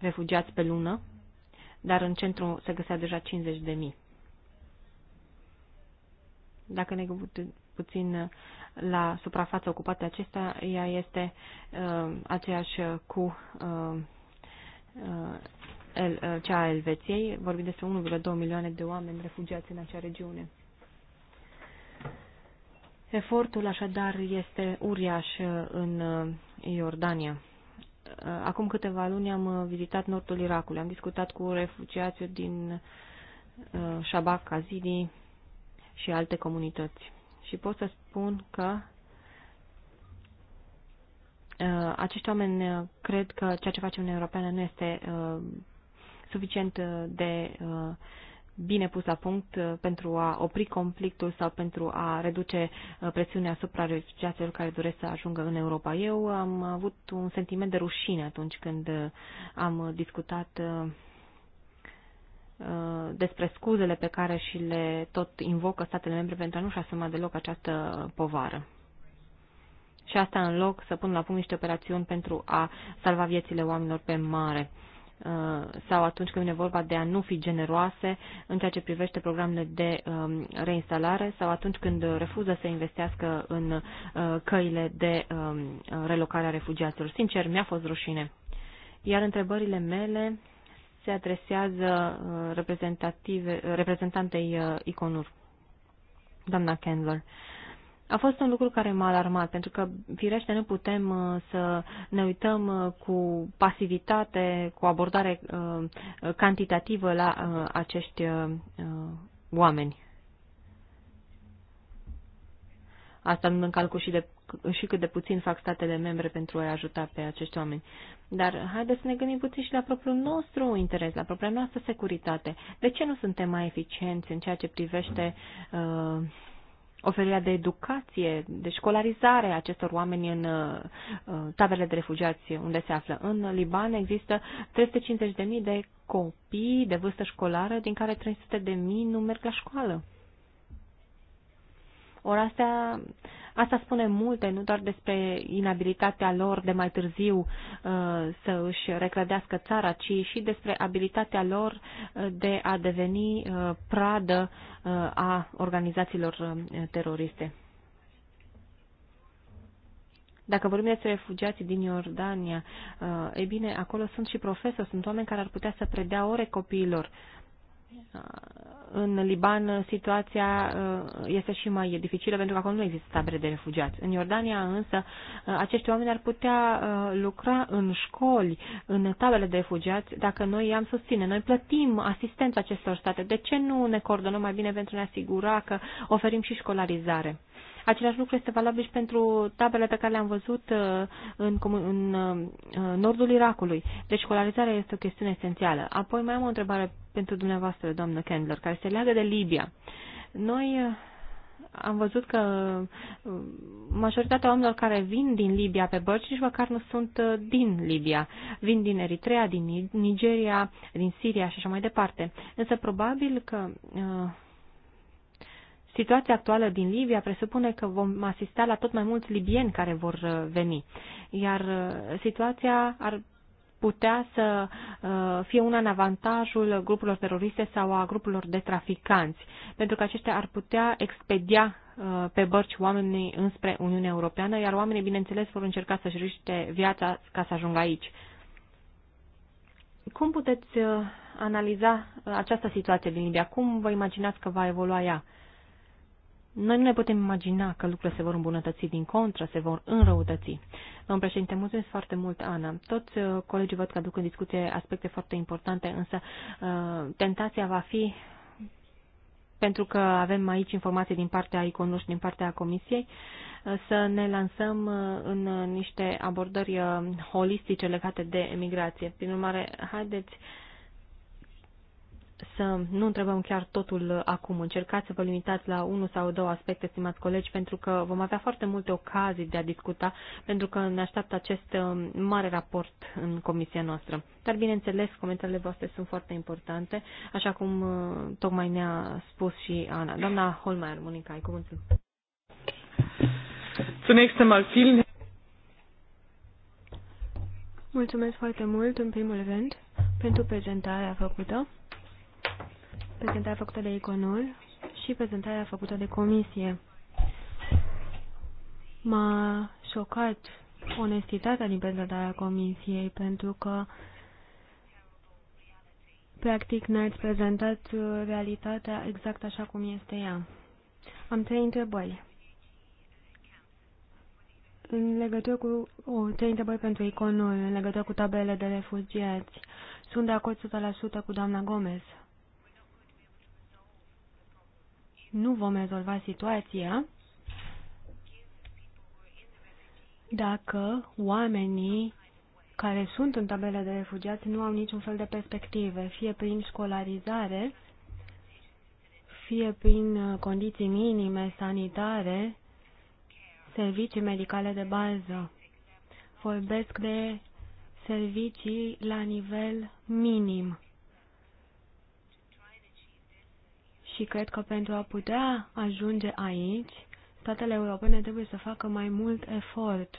refugiați pe lună, dar în centru se găsea deja 50.000. Dacă ne puțin la suprafața ocupată acesta, ea este uh, aceeași cu uh, uh, el, uh, cea a Elveției, vorbim despre 1,2 milioane de oameni refugiați în acea regiune. Efortul așadar este uriaș uh, în uh, Iordania. Acum câteva luni am vizitat nordul Irakului, am discutat cu refugiați din Shabak, Kazidi și alte comunități. Și pot să spun că acești oameni cred că ceea ce facem în Europeană nu este suficient uh, de uh, bine pus la punct uh, pentru a opri conflictul sau pentru a reduce presiunea asupra refugiaților care doresc să ajungă în Europa. Eu am avut un sentiment de rușine atunci când am discutat despre scuzele pe care și le tot invocă statele membre pentru a nu-și asuma deloc această povară. Și asta în loc să pun la punct niște operațiuni pentru a salva viețile oamenilor pe mare. Uh, Uh, sau atunci când e vorba de a nu fi generoase în ceea ce privește programele de um, reinstalare sau atunci când refuză să investească în uh, căile de um, relocare a refugiaților. Sincer, mi-a fost rușine. Iar întrebările mele se adresează uh, reprezentantei Iconur, doamna Kendler a fost un lucru care m-a alarmat, pentru că, firește, nu putem uh, să ne uităm uh, cu pasivitate, cu abordare uh, cantitativă la acești oameni. Asta nu în calcul și, de, și cât de puțin fac statele membre pentru a-i ajuta pe acești oameni. Dar haideți să ne gândim puțin și la propriul nostru interes, la propria noastră securitate. De ce nu suntem mai eficienți în ceea ce privește uh, oferirea de educație, de școlarizare a acestor oameni în uh, uh, taberele de refugiați unde se află. În Liban există 350.000 de copii de vârstă școlară, din care 300.000 nu merg la școală. Ori astea, asta spune multe, nu doar despre inabilitatea lor de mai târziu uh, să își reclădească țara, ci și despre abilitatea lor uh, de a deveni uh, pradă uh, a organizațiilor uh, teroriste. Dacă vorbim despre refugiații din Iordania, uh, e bine, acolo sunt și profesori, sunt oameni care ar putea să predea ore copiilor. Uh, Uh, în Liban uh, situația uh, este și mai dificilă pentru că acolo nu există tabere de refugiați. În Iordania însă acești oameni ar putea lucra în școli, în tabele de refugiați, dacă noi i-am susține. Noi plătim asistența acestor state. De ce nu ne coordonăm mai bine pentru a ne asigura că oferim și școlarizare? Același lucru este valabil și pentru tabele pe care le-am văzut uh, în, în, în uh, nordul Irakului. Deci școlarizarea este o chestiune esențială. Apoi mai am o întrebare pentru dumneavoastră, doamnă Kendler, care se leagă de Libia. Noi uh, am văzut că majoritatea oamenilor care vin din Libia pe bărci nici măcar nu sunt din Libia. Vin din Eritrea, din Nigeria, din Siria și așa mai departe. Însă probabil că uh, Situația actuală din Libia presupune că vom asista la tot mai mulți libieni care vor uh, veni, iar uh, situația ar putea să uh, fie una în avantajul grupurilor teroriste sau a grupurilor de traficanți, pentru că aceștia ar putea expedia pe bărci oamenii înspre Uniunea Europeană, iar oamenii, bineînțeles, vor încerca să-și riște viața ca să ajungă aici. Cum puteți analiza această situație din Libia? Cum vă imaginați că va evolua ea? Noi nu ne putem imagina că lucrurile se vor îmbunătăți, din contră, se vor înrăutăți. Domnul președinte, mulțumesc foarte mult, Ana. Toți uh, colegii văd că aduc în discuție aspecte foarte importante, însă uh, tentația va fi, pentru că avem aici informații din partea iconului și din partea comisiei, uh, să ne lansăm în niște abordări holistice legate de emigrație. Prin urmare, haideți să nu întrebăm chiar totul uh, acum. Încercați să vă limitați la unul sau două aspecte, stimați colegi, pentru că vom avea foarte multe ocazii de a discuta, pentru că ne așteaptă acest uh, mare raport în comisia noastră. Dar, bineînțeles, comentariile voastre sunt foarte importante, așa cum uh, tocmai ne-a spus și Ana. Doamna Holmeier, Monica, ai cuvântul. Zunächst einmal vielen Mulțumesc foarte mult, în primul rând, pentru prezentarea făcută prezentarea făcută de Iconul și prezentarea făcută de comisie. M-a șocat onestitatea din prezentarea comisiei, pentru că practic ne-ați prezentat uh, realitatea exact așa cum este ea. Am trei întrebări. În legătură cu o, trei întrebări pentru iconul, în legătură cu tabele de refugiați, sunt de acord 100% cu doamna Gomez nu vom rezolva situația dacă oamenii care sunt în tabele de refugiați nu au niciun fel de perspective, fie prin școlarizare, fie prin uh, condiții minime sanitare, servicii medicale de bază. Vorbesc de servicii la nivel minim. și cred că pentru a putea ajunge aici, statele europene trebuie să facă mai mult efort.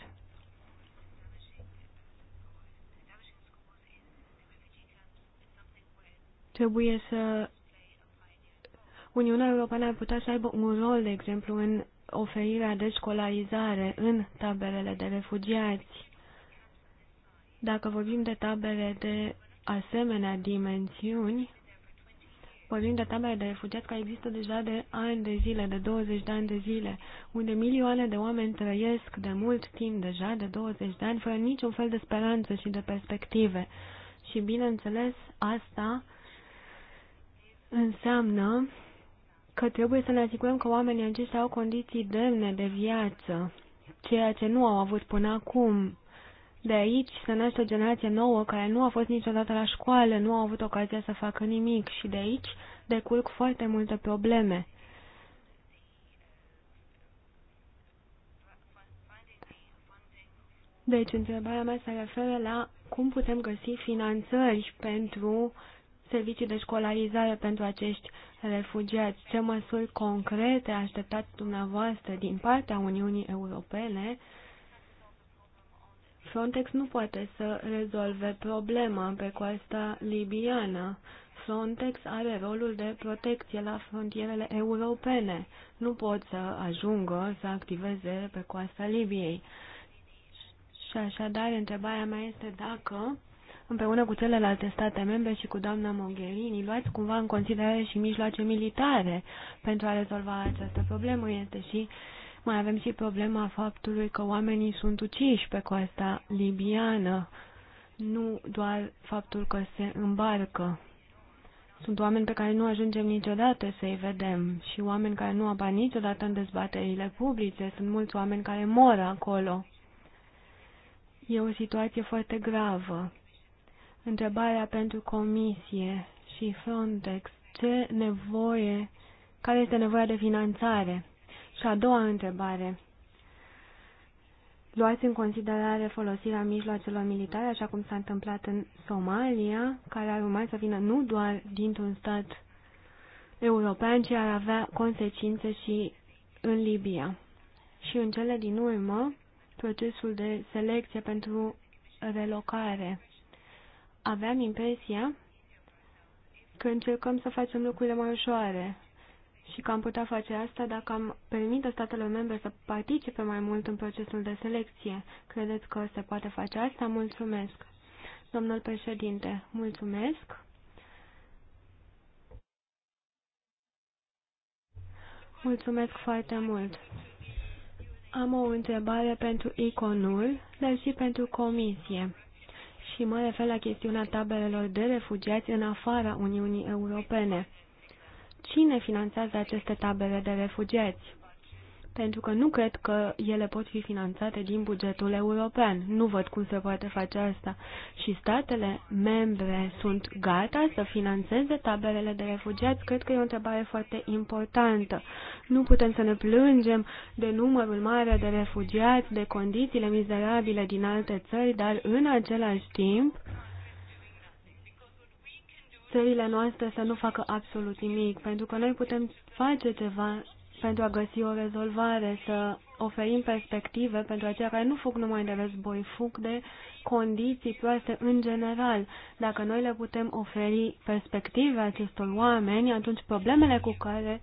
Trebuie să... Uniunea Europeană ar putea să aibă un rol, de exemplu, în oferirea de școlarizare în taberele de refugiați. Dacă vorbim de tabere de asemenea dimensiuni, Vorbim de tabere de refugiați care există deja de ani de zile, de 20 de ani de zile, unde milioane de oameni trăiesc de mult timp deja, de 20 de ani, fără niciun fel de speranță și de perspective. Și, bineînțeles, asta înseamnă că trebuie să ne asigurăm că oamenii aceștia au condiții demne de viață, ceea ce nu au avut până acum. De aici se naște o generație nouă care nu a fost niciodată la școală, nu a avut ocazia să facă nimic și de aici decurg foarte multe probleme. Deci, întrebarea mea se referă la cum putem găsi finanțări pentru servicii de școlarizare pentru acești refugiați. Ce măsuri concrete așteptați dumneavoastră din partea Uniunii Europene Frontex nu poate să rezolve problema pe coasta libiană. Frontex are rolul de protecție la frontierele europene. Nu pot să ajungă să activeze pe coasta Libiei. Și așadar, întrebarea mea este dacă, împreună cu celelalte state membre și cu doamna Mogherini, luați cumva în considerare și mijloace militare pentru a rezolva această problemă. Este și uh, mai avem și problema faptului că oamenii sunt uciși pe coasta libiană, nu doar faptul că se îmbarcă. Sunt oameni pe care nu ajungem niciodată să-i vedem și oameni care nu apar niciodată în dezbaterile publice. Sunt mulți oameni care mor acolo. E o situație foarte gravă. Întrebarea pentru Comisie și Frontex. Ce nevoie, care este nevoia de finanțare? Și a doua întrebare. Luați în considerare folosirea mijloacelor militare, așa cum s-a întâmplat în Somalia, care ar urma să vină nu doar dintr-un stat european, ci ar avea consecințe și în Libia. Și în cele din urmă, procesul de selecție pentru relocare. Aveam impresia că încercăm să facem lucrurile mai ușoare, și că am putea face asta dacă am permite statelor membre să participe mai mult în procesul de selecție. Credeți că se poate face asta? Mulțumesc. Domnul președinte, mulțumesc. Mulțumesc foarte mult. Am o întrebare pentru iconul, dar și pentru comisie. Și mă refer la chestiunea tabelelor de refugiați în afara Uniunii Europene cine finanțează aceste tabere de refugiați, pentru că nu cred că ele pot fi finanțate din bugetul european. Nu văd cum se poate face asta. Și statele membre sunt gata să financeze taberele de refugiați? Cred că e o întrebare foarte importantă. Nu putem să ne plângem de numărul mare de refugiați, de condițiile mizerabile din alte țări, dar în același timp țările noastre să nu facă absolut nimic, pentru că noi putem face ceva pentru a găsi o rezolvare, să oferim perspective pentru aceia care nu fug numai de război, fug de condiții proaste în general. Dacă noi le putem oferi perspective acestor oameni, atunci problemele cu care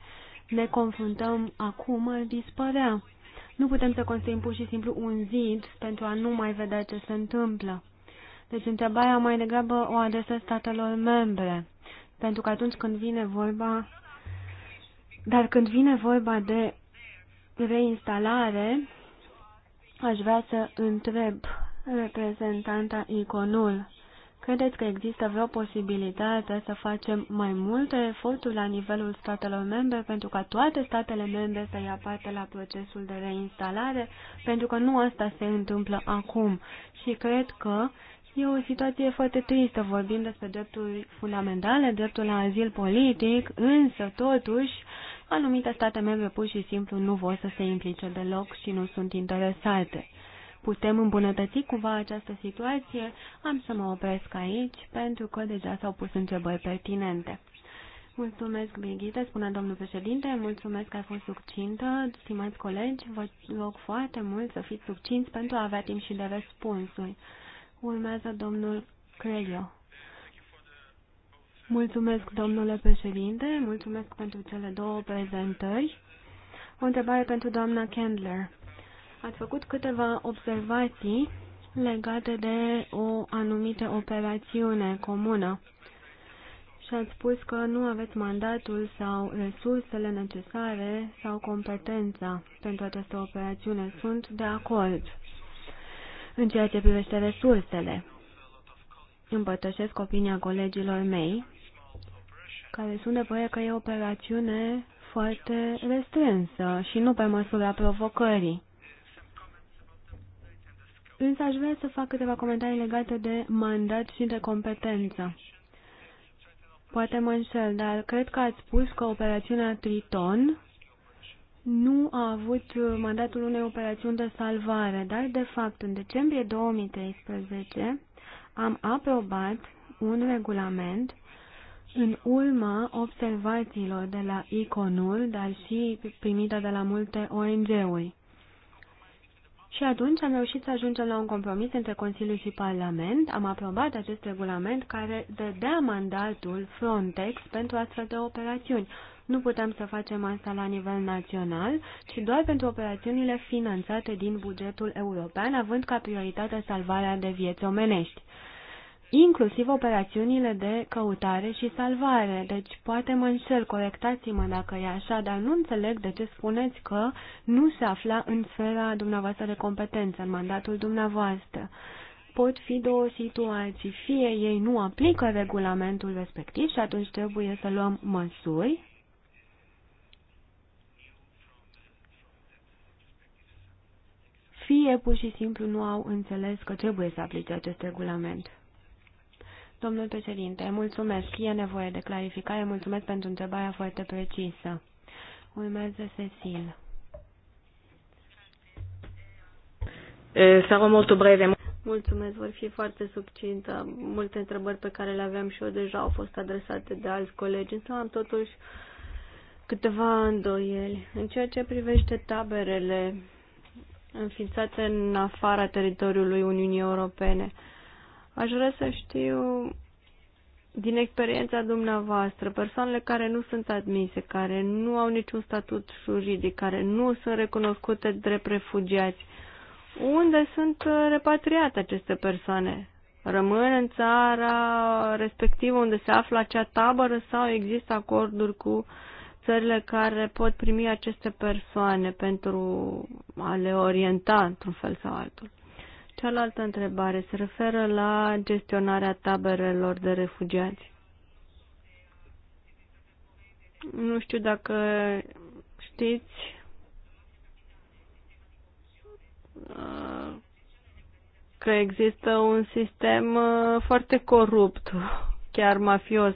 ne confruntăm acum ar dispărea. Nu putem să construim pur și simplu un zid pentru a nu mai vedea ce se întâmplă. Deci întrebarea mai degrabă o adresez statelor membre, pentru că atunci când vine vorba, dar când vine vorba de reinstalare, aș vrea să întreb reprezentanta Iconul. Credeți că există vreo posibilitate să facem mai multe eforturi la nivelul statelor membre pentru ca toate statele membre să ia parte la procesul de reinstalare? Pentru că nu asta se întâmplă acum și cred că E o situație foarte tristă. Vorbim despre drepturi fundamentale, dreptul la azil politic, însă, totuși, anumite state membre pur și simplu nu vor să se implice deloc și nu sunt interesate. Putem îmbunătăți cumva această situație? Am să mă opresc aici, pentru că deja s-au pus întrebări pertinente. Mulțumesc, Brigitte, spune domnul președinte, mulțumesc că ai fost succintă, stimați colegi, vă rog foarte mult să fiți succinți pentru a avea timp și de răspunsuri. Urmează domnul Crelio. Mulțumesc, domnule președinte, mulțumesc pentru cele două prezentări. O întrebare pentru doamna Kendler. Ați făcut câteva observații legate de o anumită operațiune comună și ați spus că nu aveți mandatul sau resursele necesare sau competența pentru această operațiune. Sunt de acord în ceea ce privește resursele. Împărtășesc opinia colegilor mei, care sunt de părere că e o operațiune foarte restrânsă și nu pe măsura provocării. Însă aș vrea să fac câteva comentarii legate de mandat și de competență. Poate mă înșel, dar cred că ați spus că operațiunea Triton nu a avut uh, mandatul unei operațiuni de salvare, dar, de fapt, în decembrie 2013 am aprobat un regulament în urma observațiilor de la Iconul, dar și primită de la multe ONG-uri. Și atunci am reușit să ajungem la un compromis între Consiliu și Parlament. Am aprobat acest regulament care dădea mandatul Frontex pentru astfel de operațiuni. Nu putem să facem asta la nivel național, ci doar pentru operațiunile finanțate din bugetul european, având ca prioritate salvarea de vieți omenești inclusiv operațiunile de căutare și salvare. Deci poate mă înșel, corectați-mă dacă e așa, dar nu înțeleg de ce spuneți că nu se afla în sfera dumneavoastră de competență, în mandatul dumneavoastră. Pot fi două situații, fie ei nu aplică regulamentul respectiv și atunci trebuie să luăm măsuri, fie pur și simplu nu au înțeles că trebuie să aplice acest regulament. Domnul președinte, mulțumesc. E nevoie de clarificare. Mulțumesc pentru întrebarea foarte precisă. Urmează Cecil. Sară mult breve. Mulțumesc, vor fi foarte subcintă. Multe întrebări pe care le aveam și eu deja au fost adresate de alți colegi, însă am totuși câteva îndoieli. În ceea ce privește taberele înființate în afara teritoriului Uniunii Europene. Aș vrea să știu din experiența dumneavoastră, persoanele care nu sunt admise, care nu au niciun statut juridic, care nu sunt recunoscute drept refugiați, unde sunt uh, repatriate aceste persoane? Rămân în țara respectivă unde se află acea tabără sau există acorduri cu uh, țările care pot primi aceste persoane pentru a le orienta într-un fel sau altul. Cealaltă întrebare se referă la gestionarea taberelor de refugiați. Nu știu dacă știți că există un sistem uh, foarte corupt, chiar mafios,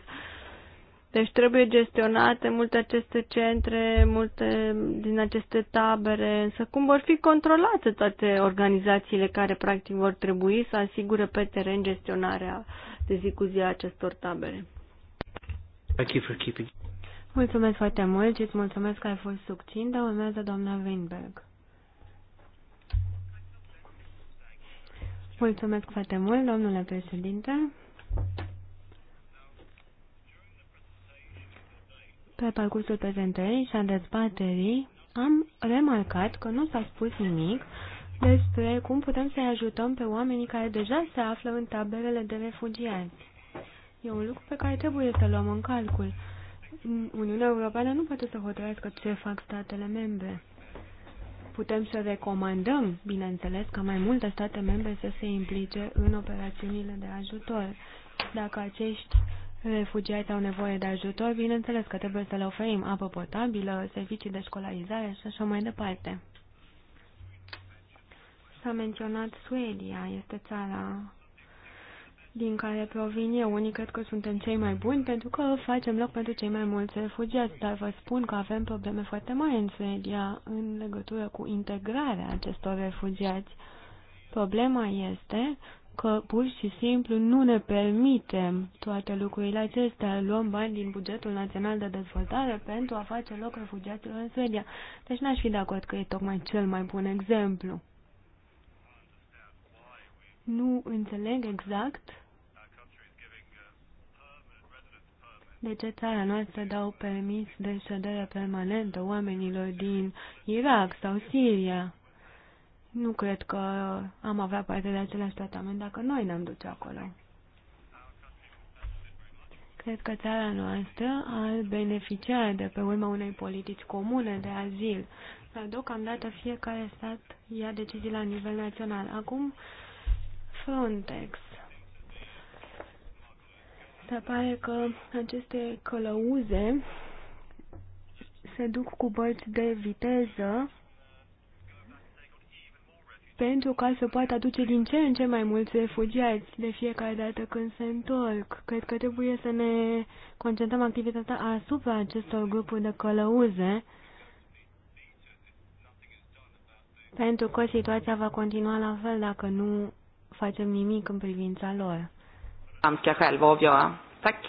deci trebuie gestionate multe aceste centre, multe din aceste tabere, însă cum vor fi controlate toate organizațiile care practic vor trebui să asigure pe teren gestionarea de zi cu zi a acestor tabere? Thank you for keeping. Mulțumesc foarte mult și îți mulțumesc că ai fost succint, dar urmează doamna Weinberg. Mulțumesc foarte mult, domnule președinte. Pe parcursul prezentării și a dezbaterii am remarcat că nu s-a spus nimic despre cum putem să-i ajutăm pe oamenii care deja se află în taberele de refugiați. E un lucru pe care trebuie să luăm în calcul. Uniunea Europeană nu poate să hotărească ce fac statele membre. Putem să recomandăm, bineînțeles, ca mai multe state membre să se implice în operațiunile de ajutor. Dacă acești refugiații au nevoie de ajutor, bineînțeles că trebuie să le oferim apă potabilă, servicii de școlarizare și așa mai departe. S-a menționat Suedia, este țara din care provin eu. Unii cred că suntem cei mai buni pentru că facem loc pentru cei mai mulți refugiați, dar vă spun că avem probleme foarte mari în Suedia în legătură cu integrarea acestor refugiați. Problema este că pur și simplu nu ne permitem toate lucrurile acestea. Luăm bani din bugetul național de dezvoltare pentru a face loc refugiaților în Suedia. Deci n-aș fi de acord că e tocmai cel mai bun exemplu. Nu înțeleg exact de ce țara noastră dau permis de ședere permanentă oamenilor din Irak sau Siria. Nu cred că am avea parte de același tratament dacă noi ne-am duce acolo. Cred că țara noastră ar beneficia de pe urma unei politici comune de azil, dar deocamdată fiecare stat ia decizii la nivel național. Acum, Frontex. Se pare că aceste călăuze se duc cu bărți de viteză pentru ca să poată aduce din ce în ce mai mulți refugiați de fiecare dată când se întorc. Cred că trebuie să ne concentrăm activitatea asupra acestor grupuri de călăuze, pentru că situația va continua la fel dacă nu facem nimic în privința lor. Am ska själv avgöra. Tack.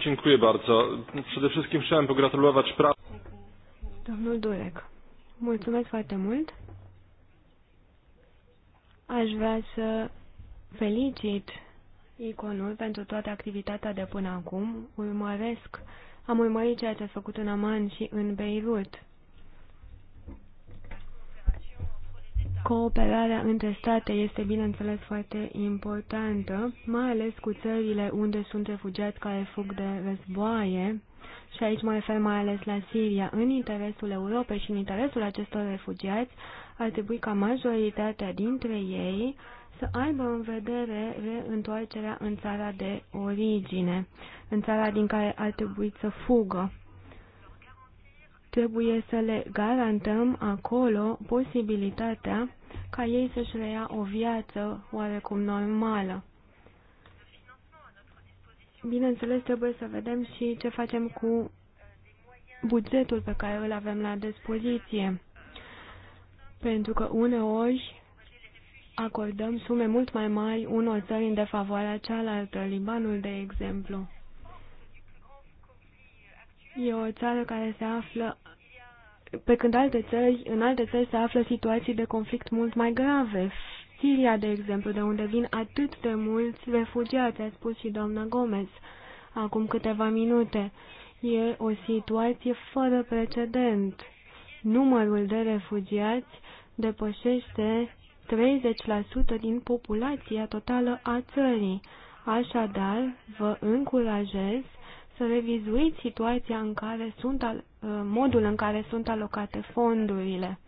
Dziękuję bardzo. Przede wszystkim chciałem pogratulować pracy. Domnul Durek, mulțumesc foarte mult. Aș vrea să felicit iconul pentru toată activitatea de până acum. Urmăresc, am urmărit ceea ce a făcut în Aman și în Beirut. Cooperarea între state este, bineînțeles, foarte importantă, mai ales cu țările unde sunt refugiați care fug de războaie, și aici mă refer mai ales la Siria. În interesul Europei și în interesul acestor refugiați, ar trebui ca majoritatea dintre ei să aibă în vedere reîntoarcerea în țara de origine, în țara din care ar trebui să fugă trebuie să le garantăm acolo posibilitatea ca ei să-și reia o viață oarecum normală. Bineînțeles, trebuie să vedem și ce facem cu bugetul pe care îl avem la dispoziție. Pentru că uneori acordăm sume mult mai mari unor țări în defavoarea cealaltă, Libanul, de exemplu. E o țară care se află pe când alte țări, în alte țări se află situații de conflict mult mai grave. Siria, de exemplu, de unde vin atât de mulți refugiați, a spus și doamna Gomez acum câteva minute. E o situație fără precedent. Numărul de refugiați depășește 30% din populația totală a țării. Așadar, vă încurajez să revizuiți situația în care sunt Uh, modul în care sunt alocate fondurile.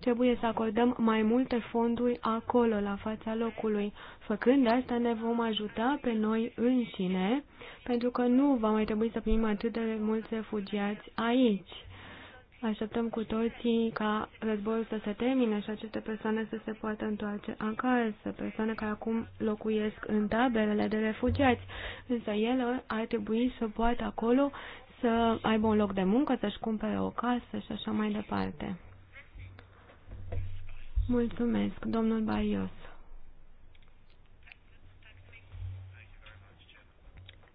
Trebuie să acordăm mai multe fonduri acolo, la fața locului. Făcând asta, ne vom ajuta pe noi înșine, pentru că nu va mai trebui să primim atât de mulți refugiați aici. Așteptăm cu toții ca războiul să se termine și aceste persoane să se poată întoarce acasă, persoane care acum locuiesc în taberele de refugiați, însă ele ar trebui să poată acolo să aibă un loc de muncă, să-și cumpere o casă și așa mai departe. Mulțumesc, domnul Baios.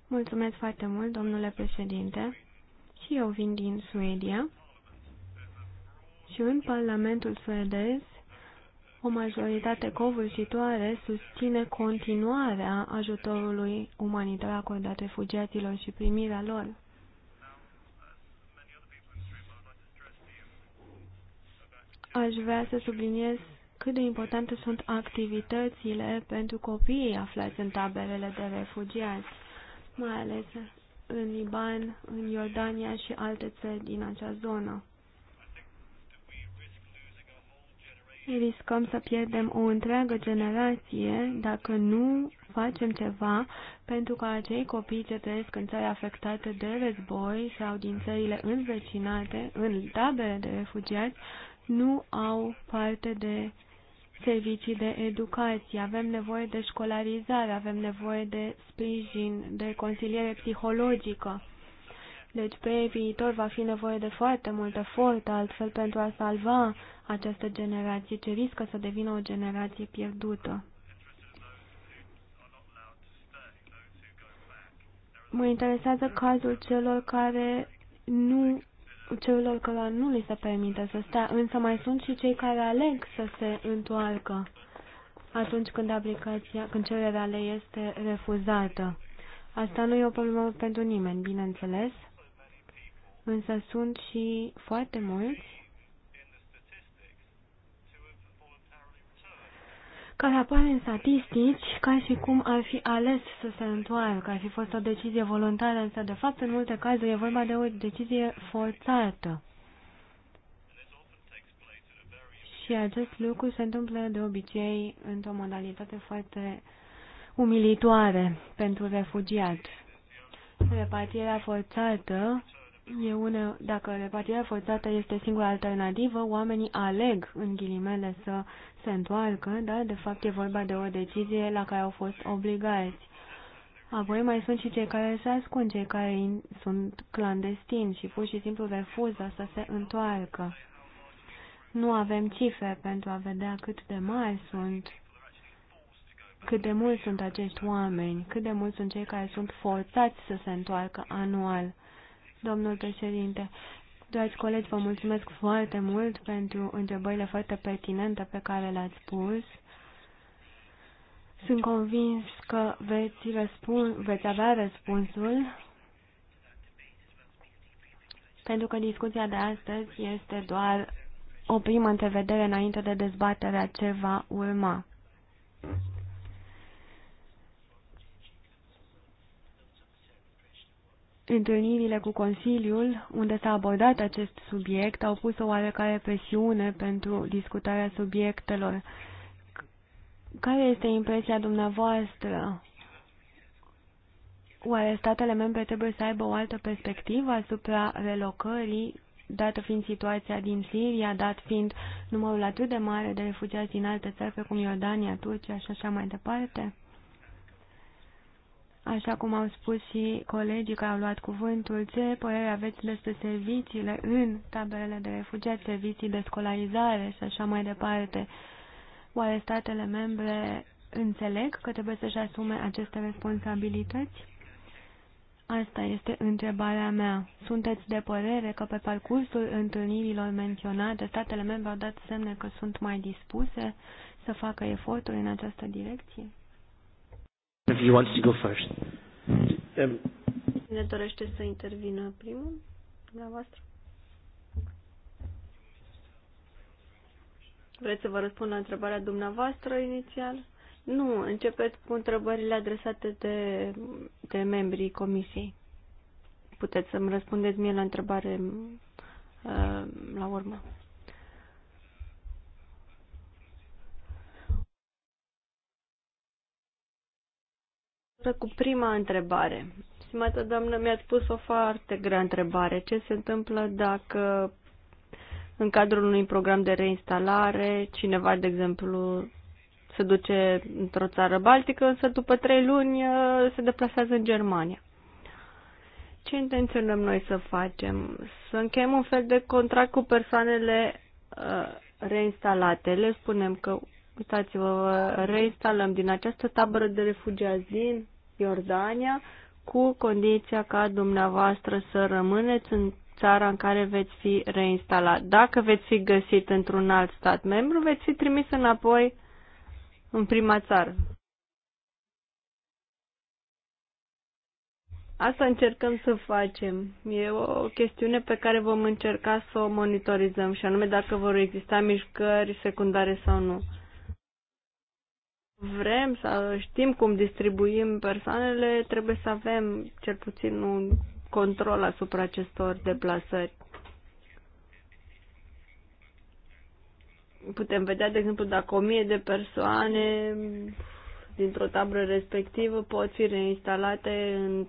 Mulțumesc foarte mult, domnule președinte. Și eu vin din Suedia. Și în Parlamentul suedez, o majoritate covârșitoare susține continuarea ajutorului umanitar acordat refugiaților și primirea lor. aș vrea să subliniez cât de importante sunt activitățile pentru copiii aflați în taberele de refugiați, mai ales în Liban, în Iordania și alte țări din acea zonă. Riscăm să pierdem o întreagă generație dacă nu facem ceva pentru ca acei copii ce trăiesc în țări afectate de război sau din țările învecinate, în tabere de refugiați, nu au parte de servicii de educație, avem nevoie de școlarizare, avem nevoie de sprijin, de consiliere psihologică. Deci pe viitor va fi nevoie de foarte mult efort altfel pentru a salva această generație ce riscă să devină o generație pierdută. Mă interesează cazul celor care nu celor care nu li se permite să stea, însă mai sunt și cei care aleg să se întoarcă atunci când aplicația, când cererea le este refuzată. Asta nu e o problemă pentru nimeni, bineînțeles, însă sunt și foarte mulți care apare în statistici ca și cum ar fi ales să se întoarcă, ar fi fost o decizie voluntară, însă de fapt în multe cazuri e vorba de o decizie forțată. Și acest lucru se întâmplă de obicei într-o modalitate foarte umilitoare pentru refugiat. Repartirea forțată E una, dacă repatrierea forțată este singura alternativă, oamenii aleg, în ghilimele, să se întoarcă, dar de fapt e vorba de o decizie la care au fost obligați. Apoi mai sunt și cei care se ascund, cei care sunt clandestini și pur și simplu refuză să se întoarcă. Nu avem cifre pentru a vedea cât de mari sunt, cât de mulți sunt acești oameni, cât de mulți sunt cei care sunt forțați să se întoarcă anual. Domnul președinte, dragi colegi, vă mulțumesc foarte mult pentru întrebările foarte pertinente pe care le-ați pus. Sunt convins că veți, răspun, veți avea răspunsul, pentru că discuția de astăzi este doar o primă întrevedere înainte de dezbaterea ce va urma. întâlnirile cu Consiliul, unde s-a abordat acest subiect, au pus o oarecare presiune pentru discutarea subiectelor. Care este impresia dumneavoastră? Oare statele membre trebuie să aibă o altă perspectivă asupra relocării, dată fiind situația din Siria, dat fiind numărul atât de mare de refugiați din alte țări, precum Iordania, Turcia și așa mai departe? Așa cum au spus și colegii care au luat cuvântul, ce părere aveți despre serviciile în taberele de refugiați, servicii de scolarizare și așa mai departe? Oare statele membre înțeleg că trebuie să-și asume aceste responsabilități? Asta este întrebarea mea. Sunteți de părere că pe parcursul întâlnirilor menționate, statele membre au dat semne că sunt mai dispuse să facă eforturi în această direcție? he wants to go first. Cine um, dorește să intervină primul? voastră? Vreți să vă răspund la întrebarea dumneavoastră inițial? Nu, începeți cu întrebările adresate de, de membrii comisiei. Puteți să-mi răspundeți mie la întrebare uh, la urmă. Cu prima întrebare, stimată doamnă, mi-ați pus o foarte grea întrebare. Ce se întâmplă dacă în cadrul unui program de reinstalare cineva, de exemplu, se duce într-o țară baltică, însă după trei luni uh, se deplasează în Germania. Ce intenționăm noi să facem? Să încheiem un fel de contract cu persoanele uh, reinstalate. Le spunem că, uitați-vă, reinstalăm din această tabără de refugiați din Iordania, cu condiția ca dumneavoastră să rămâneți în țara în care veți fi reinstalat. Dacă veți fi găsit într-un alt stat membru, veți fi trimis înapoi în prima țară. Asta încercăm să facem. E o chestiune pe care vom încerca să o monitorizăm și anume dacă vor exista mișcări secundare sau nu vrem să știm cum distribuim persoanele, trebuie să avem cel puțin un control asupra acestor deplasări. Putem vedea, de exemplu, dacă o mie de persoane dintr-o tabără respectivă pot fi reinstalate în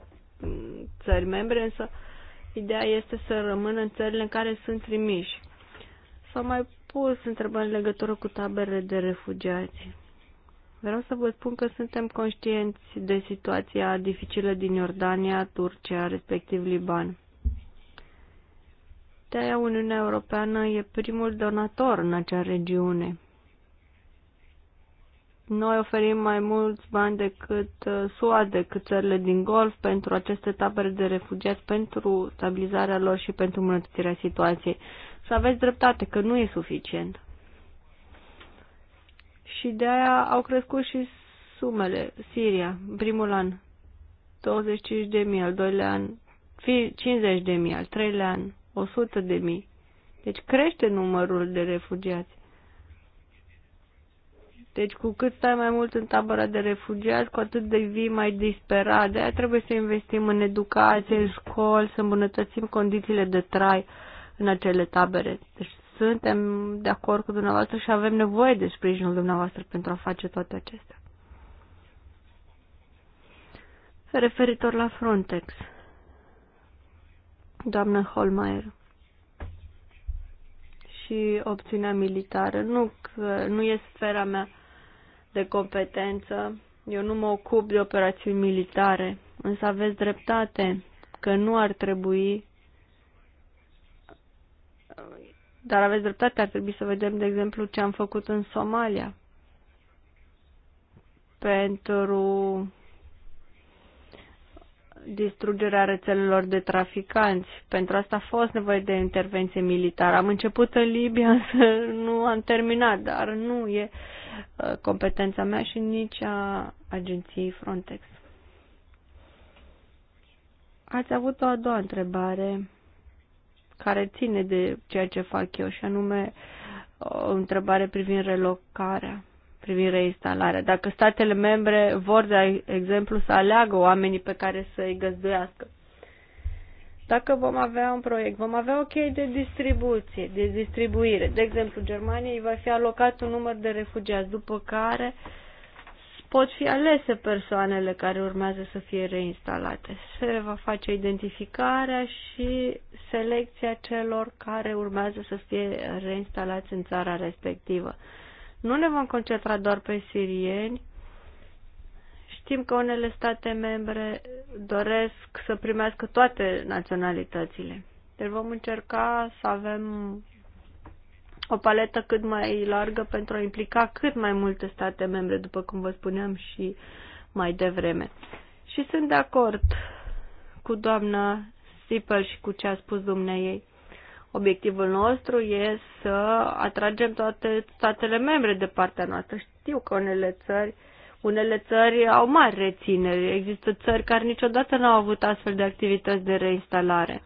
țări membre, însă ideea este să rămână în țările în care sunt trimiși. S-au mai pus întrebări în legătură cu taberele de refugiați. Vreau să vă spun că suntem conștienți de situația dificilă din Iordania, Turcia, respectiv Liban. De aia Uniunea Europeană e primul donator în acea regiune. Noi oferim mai mulți bani decât uh, SUA, decât țările din Golf pentru aceste tabere de refugiați, pentru stabilizarea lor și pentru îmbunătățirea situației. Să aveți dreptate că nu e suficient și de aia au crescut și sumele. Siria, primul an, 25 de mii, al doilea an, 50 de mii, al treilea an, 100 de mii. Deci crește numărul de refugiați. Deci cu cât stai mai mult în tabăra de refugiați, cu atât devii mai disperat. De aia trebuie să investim în educație, în școli, să îmbunătățim condițiile de trai în acele tabere. Deci suntem de acord cu dumneavoastră și avem nevoie de sprijinul dumneavoastră pentru a face toate acestea. Referitor la Frontex, doamnă Holmeier, și opțiunea militară, nu, nu e sfera mea de competență, eu nu mă ocup de operațiuni militare, însă aveți dreptate că nu ar trebui dar aveți dreptate, ar trebui să vedem, de exemplu, ce am făcut în Somalia pentru distrugerea rețelelor de traficanți. Pentru asta a fost nevoie de intervenție militară. Am început în Libia, însă nu am terminat, dar nu e uh, competența mea și nici a agenției Frontex. Ați avut o a doua întrebare care ține de ceea ce fac eu și anume o întrebare privind relocarea, privind reinstalarea. Dacă statele membre vor, de exemplu, să aleagă oamenii pe care să îi găzduiască. Dacă vom avea un proiect, vom avea o cheie de distribuție, de distribuire. De exemplu, Germania îi va fi alocat un număr de refugiați, după care uh, pot fi alese persoanele care urmează să fie reinstalate. Se va face identificarea și selecția celor care urmează să fie reinstalați în țara respectivă. Nu ne vom concentra doar pe sirieni. Știm că unele state membre doresc să primească toate naționalitățile. Deci vom încerca să avem o paletă cât mai largă pentru a implica cât mai multe state membre, după cum vă spuneam și mai devreme. Și sunt de acord cu doamna Sipel și cu ce a spus dumneei. Obiectivul nostru e să atragem toate statele membre de partea noastră. Știu că unele țări, unele țări au mari rețineri. Există țări care niciodată n-au avut astfel de activități de reinstalare.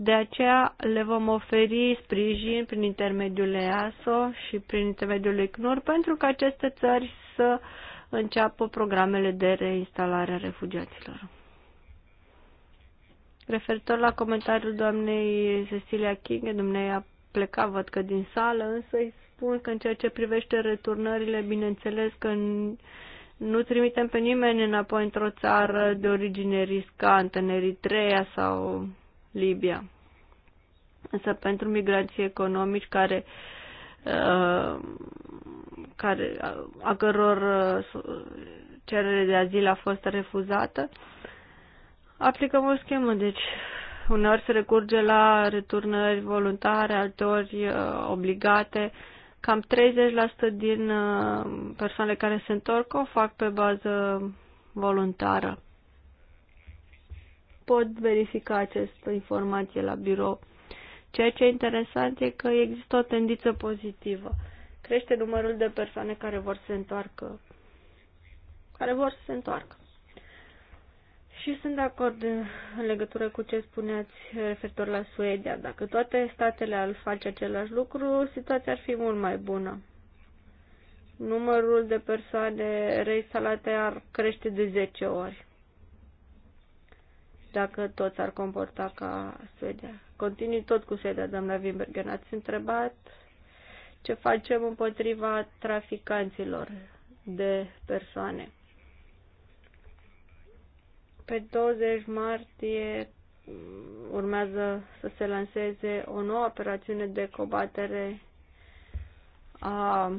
De aceea le vom oferi sprijin prin intermediul EASO și prin intermediul ICNUR pentru ca aceste țări să înceapă programele de reinstalare a refugiaților. Referitor la comentariul doamnei Cecilia King, dumneia a plecat, văd că din sală, însă îi spun că în ceea ce privește returnările, bineînțeles că nu trimitem pe nimeni înapoi într-o țară de origine riscantă, în Eritrea sau Libia. Însă pentru migrații economici care, uh, care, a căror uh, cerere de azil a fost refuzată, aplicăm o schemă. Deci uneori se recurge la returnări voluntare, alteori uh, obligate, cam 30% din persoanele care se întorc o fac pe bază voluntară pot verifica această informație la birou. Ceea ce e interesant e că există o tendință pozitivă. Crește numărul de persoane care vor să se întoarcă. Care vor să se întoarcă. Și sunt de acord în legătură cu ce spuneați referitor la Suedia. Dacă toate statele ar face același lucru, situația ar fi mult mai bună. Numărul de persoane reinstalate ar crește de 10 ori dacă toți ar comporta ca Suedia. Continui tot cu Suedia, doamna Wimberger. Ați întrebat ce facem împotriva traficanților de persoane. Pe 20 martie urmează să se lanseze o nouă operațiune de combatere a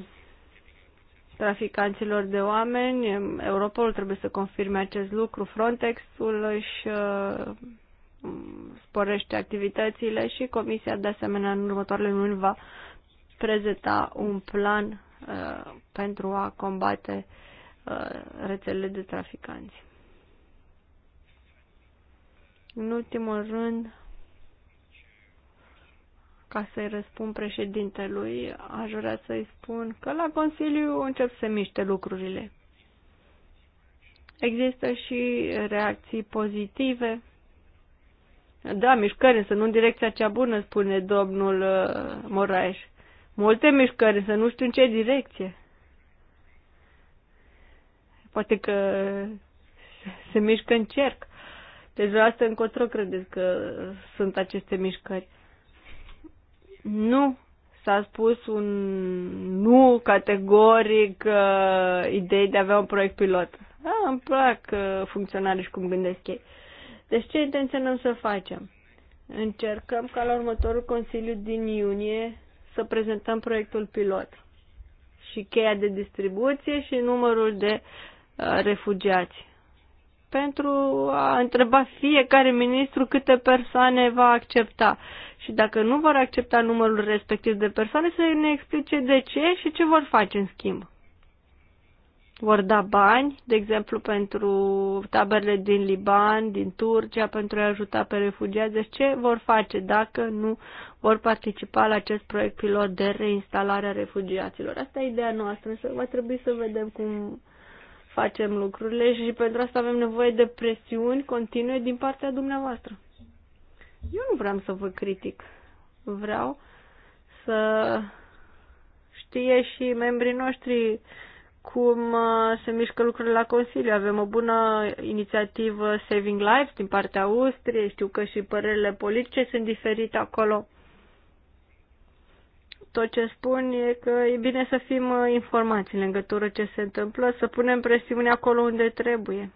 traficanților de oameni. Europolul trebuie să confirme acest lucru. Frontexul își uh, sporește activitățile și Comisia, de asemenea, în următoarele luni va prezenta un plan uh, pentru a combate uh, rețelele de traficanți. În ultimul rând, ca să-i răspund președintelui, aș vrea să-i spun că la Consiliu încep să miște lucrurile. Există și reacții pozitive. Da, mișcări, însă nu în direcția cea bună, spune domnul uh, Moraes. Multe mișcări, însă nu știu în ce direcție. Poate că se mișcă în cerc. Deci, asta încotro credeți că sunt aceste mișcări nu s-a spus un nu categoric uh, idei de a avea un proiect pilot. Da, îmi plac uh, funcționarii și cum gândesc ei. Deci ce intenționăm să facem? Încercăm ca la următorul Consiliu din iunie să prezentăm proiectul pilot și cheia de distribuție și numărul de uh, refugiați pentru a întreba fiecare ministru câte persoane va accepta. Uh, și dacă nu vor accepta numărul respectiv de persoane, să ne explice de ce și ce vor face în schimb. Vor da bani, de exemplu, pentru taberele din Liban, din Turcia, pentru a ajuta pe refugiați. Deci ce vor face dacă nu vor participa la acest proiect pilot de reinstalare a refugiaților? Asta e ideea noastră, însă va trebui să vedem cum facem lucrurile și pentru asta avem nevoie de presiuni continue din partea dumneavoastră. Eu nu vreau să vă critic. Vreau să știe și membrii noștri cum uh, se mișcă lucrurile la Consiliu. Avem o bună inițiativă Saving Lives din partea Austriei. Știu că și părerile politice sunt diferite acolo. Tot ce spun e că e bine să fim uh, informați în legătură ce se întâmplă, să punem presiune acolo unde trebuie.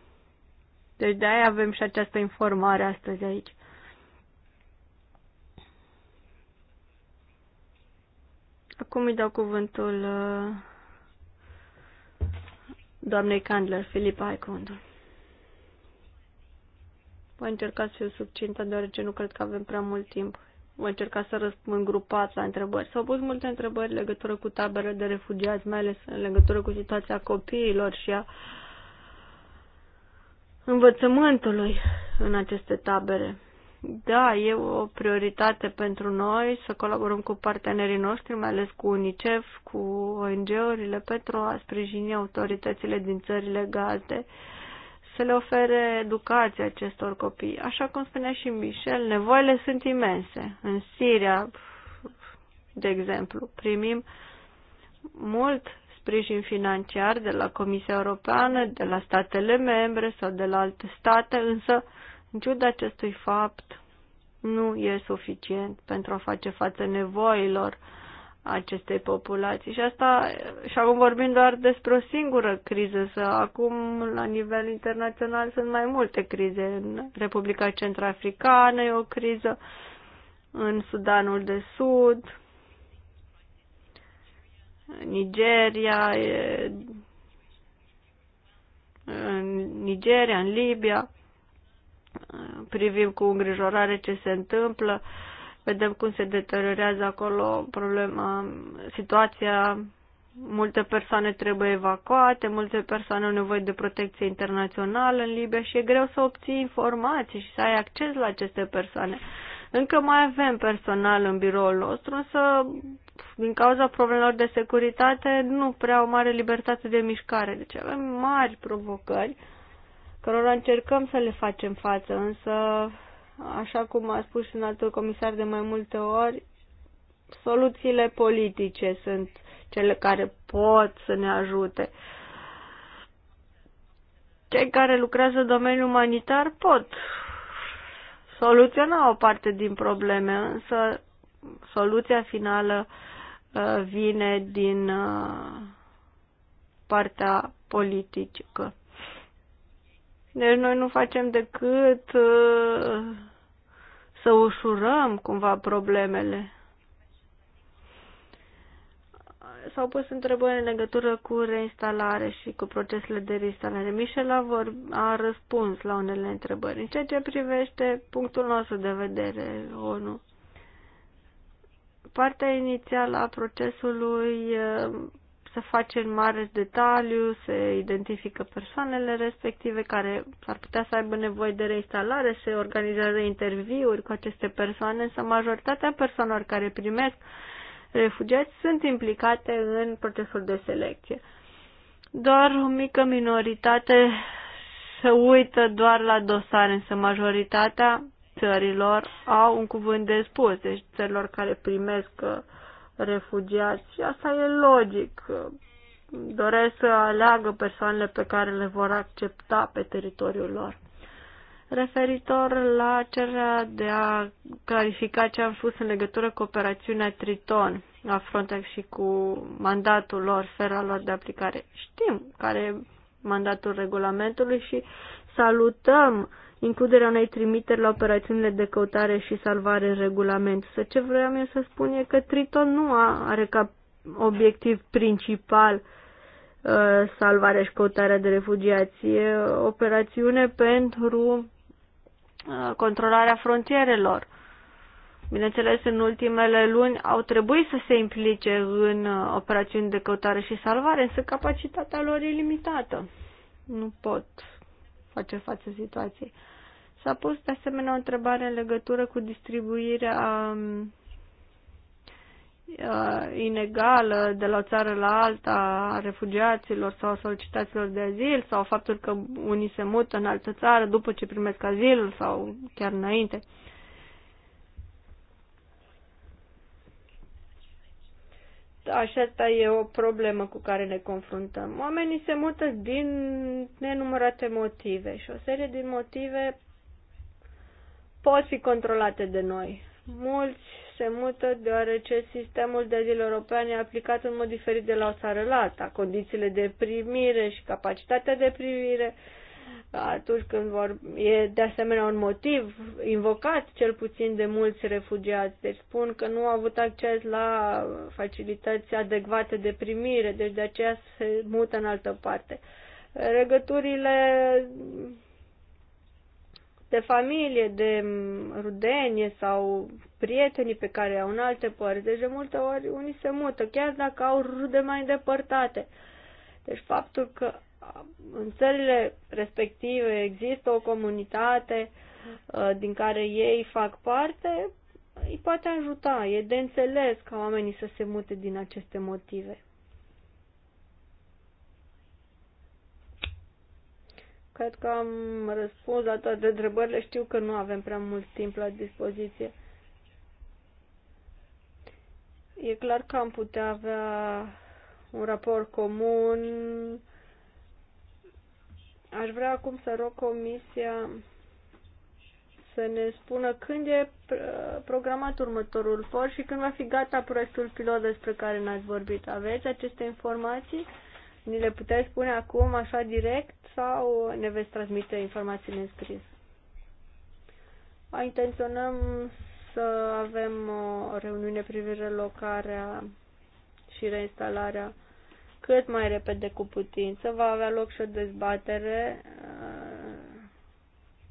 Deci de aia avem și această informare astăzi aici. Acum îi dau cuvântul uh, doamnei Candler, Filipa, ai cuvântul. Voi încerca să fiu subcintă, deoarece nu cred că avem prea mult timp. Voi încerca să răspund grupat la întrebări. S-au pus multe întrebări în legătură cu tabere de refugiați, mai ales în legătură cu situația copiilor și a învățământului în aceste tabere. Da, e o prioritate pentru noi să colaborăm cu partenerii noștri, mai ales cu UNICEF, cu ONG-urile, pentru a sprijini autoritățile din țările gazde să le ofere educație acestor copii. Așa cum spunea și Michel, nevoile sunt imense. În Siria, de exemplu, primim mult sprijin financiar de la Comisia Europeană, de la statele membre sau de la alte state, însă în ciuda acestui fapt, nu e suficient pentru a face față nevoilor acestei populații. Și asta, și acum vorbim doar despre o singură criză, să acum la nivel internațional sunt mai multe crize. În Republica Centrafricană e o criză, în Sudanul de Sud, Nigeria, e, în Nigeria, în Libia privim cu îngrijorare ce se întâmplă, vedem cum se deteriorează acolo problema, situația, multe persoane trebuie evacuate, multe persoane au nevoie de protecție internațională în Libia și e greu să obții informații și să ai acces la aceste persoane. Încă mai avem personal în biroul nostru, însă din cauza problemelor de securitate nu prea o mare libertate de mișcare, deci avem mari provocări cărora încercăm să le facem față, însă, așa cum a spus și un altul comisar de mai multe ori, soluțiile politice sunt cele care pot să ne ajute. Cei care lucrează în domeniul umanitar pot soluționa o parte din probleme, însă soluția finală uh, vine din uh, partea politică. Deci noi nu facem decât uh, să ușurăm cumva problemele. S-au pus întrebări în legătură cu reinstalare și cu procesele de reinstalare. Michel a, vor, a răspuns la unele întrebări. În ceea ce privește punctul nostru de vedere, ONU, partea inițială a procesului uh, se face în mare detaliu, se identifică persoanele respective care ar putea să aibă nevoie de reinstalare, se organizează interviuri cu aceste persoane, însă majoritatea persoanelor care primesc refugiați sunt implicate în procesul de selecție. Doar o mică minoritate se uită doar la dosare, însă majoritatea țărilor au un cuvânt de spus, deci țărilor care primesc uh, refugiați. Și asta e logic. Doresc să aleagă persoanele pe care le vor accepta pe teritoriul lor. Referitor la cererea de a clarifica ce am spus în legătură cu operațiunea Triton a Frontex și cu mandatul lor, sfera lor de aplicare. Știm care mandatul regulamentului și salutăm includerea unei trimiteri la operațiunile de căutare și salvare în regulament. Să ce vreau eu să spun e că Triton nu are ca obiectiv principal uh, salvarea și căutarea de refugiați. E operațiune pentru uh, controlarea frontierelor Bineînțeles, în ultimele luni au trebuit să se implice în uh, operațiuni de căutare și salvare, însă capacitatea lor e limitată. Nu pot face față situației. S-a pus de asemenea o întrebare în legătură cu distribuirea um, uh, inegală de la o țară la alta a refugiaților sau solicitaților de azil sau faptul că unii se mută în altă țară după ce primesc azil sau chiar înainte. Uh, așa e o problemă cu care ne confruntăm. Oamenii se mută din nenumărate motive și o serie din motive pot fi controlate de noi. Mulți se mută deoarece sistemul de azil european e aplicat în mod diferit de la o țară la alta. Condițiile de primire și capacitatea de primire atunci când vor... E de asemenea un motiv invocat cel puțin de mulți refugiați. Deci spun că nu au avut acces la facilități adecvate de primire, deci de aceea se mută în altă parte. Regăturile de familie, de rudenie sau prietenii pe care au în alte părți. Deci de multe ori unii se mută, chiar dacă au rude mai îndepărtate. Deci faptul că în țările respective există o comunitate uh, din care ei fac parte, îi poate ajuta. E de înțeles ca oamenii să se mute din aceste motive. Cred că am răspuns la toate întrebările. Știu că nu avem prea mult timp la dispoziție. E clar că am putea avea un raport comun Aș vrea acum să rog Comisia să ne spună când e programat următorul for și când va fi gata proiectul pilot despre care n-ați vorbit. Aveți aceste informații? Ni le puteți spune acum așa direct sau ne veți transmite informațiile în scris? Intenționăm să avem o reuniune privire locarea și reinstalarea cât mai repede cu putință. Va avea loc și o dezbatere uh,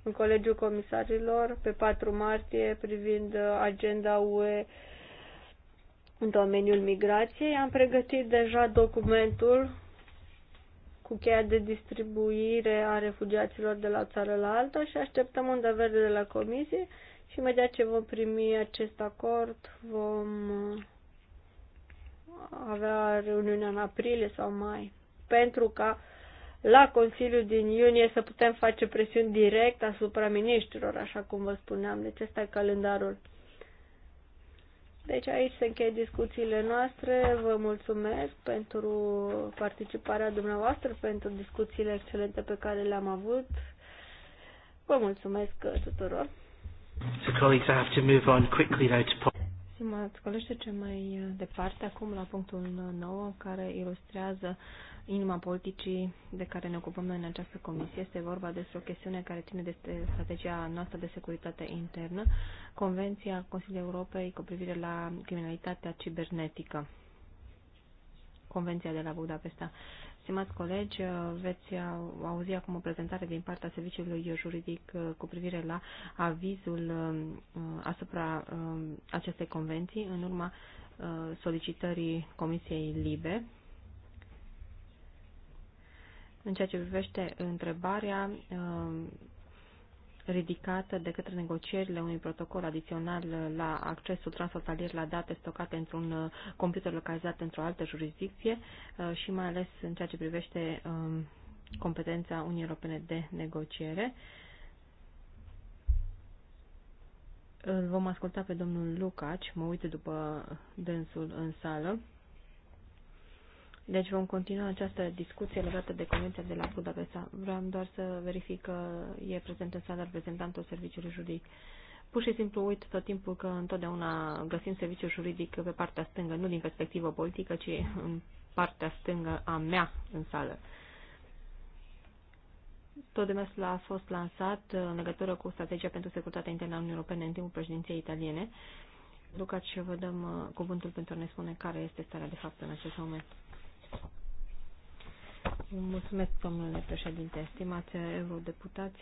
în Colegiul Comisarilor pe 4 martie privind uh, agenda UE în domeniul migrației. Am pregătit deja documentul cu cheia de distribuire a refugiaților de la o țară la alta și așteptăm un verde de la comisie și imediat ce vom primi acest acord vom uh, avea reuniunea în aprilie sau mai, pentru ca la Consiliul din iunie să putem face presiuni direct asupra miniștrilor, așa cum vă spuneam. Deci ăsta e calendarul. Deci aici se încheie discuțiile noastre. Vă mulțumesc pentru participarea dumneavoastră, pentru discuțiile excelente pe care le-am avut. Vă mulțumesc tuturor. So colleagues, I have to move on quickly now to mă colegi, ce mai uh, departe acum la punctul 9, care ilustrează inima politicii de care ne ocupăm noi în această comisie. Este vorba despre o chestiune care ține de strategia noastră de securitate internă, Convenția Consiliului Europei cu privire la criminalitatea cibernetică. Convenția de la Budapesta. Stimați colegi, uh, veți uh, auzi acum o prezentare din partea serviciului juridic uh, cu privire la avizul um, asupra um, acestei convenții în urma solicitării Comisiei Libe. În ceea ce privește întrebarea um, ridicată de către negocierile unui protocol adițional la accesul transfrontalier la date stocate într-un uh, computer localizat într-o altă jurisdicție uh, și mai ales în ceea ce privește um, competența Uniunii Europene de negociere. Îl vom asculta pe domnul Lucaci, mă uit după dânsul în sală. Deci vom continua această discuție legată de Convenția de la Budapesta. Vreau doar să verific că e prezent în sală reprezentantul serviciului juridic. Pur și simplu uit tot timpul că întotdeauna găsim serviciul juridic pe partea stângă, nu din perspectivă politică, ci în partea stângă a mea în sală. Tot demersul a fost lansat în legătură cu strategia pentru securitatea internă a Uniunii Europene în timpul președinției italiene. Luca, și vă dăm uh, cuvântul pentru a ne spune care este starea de fapt în acest moment. Mulțumesc, domnule președinte, stimați eurodeputați.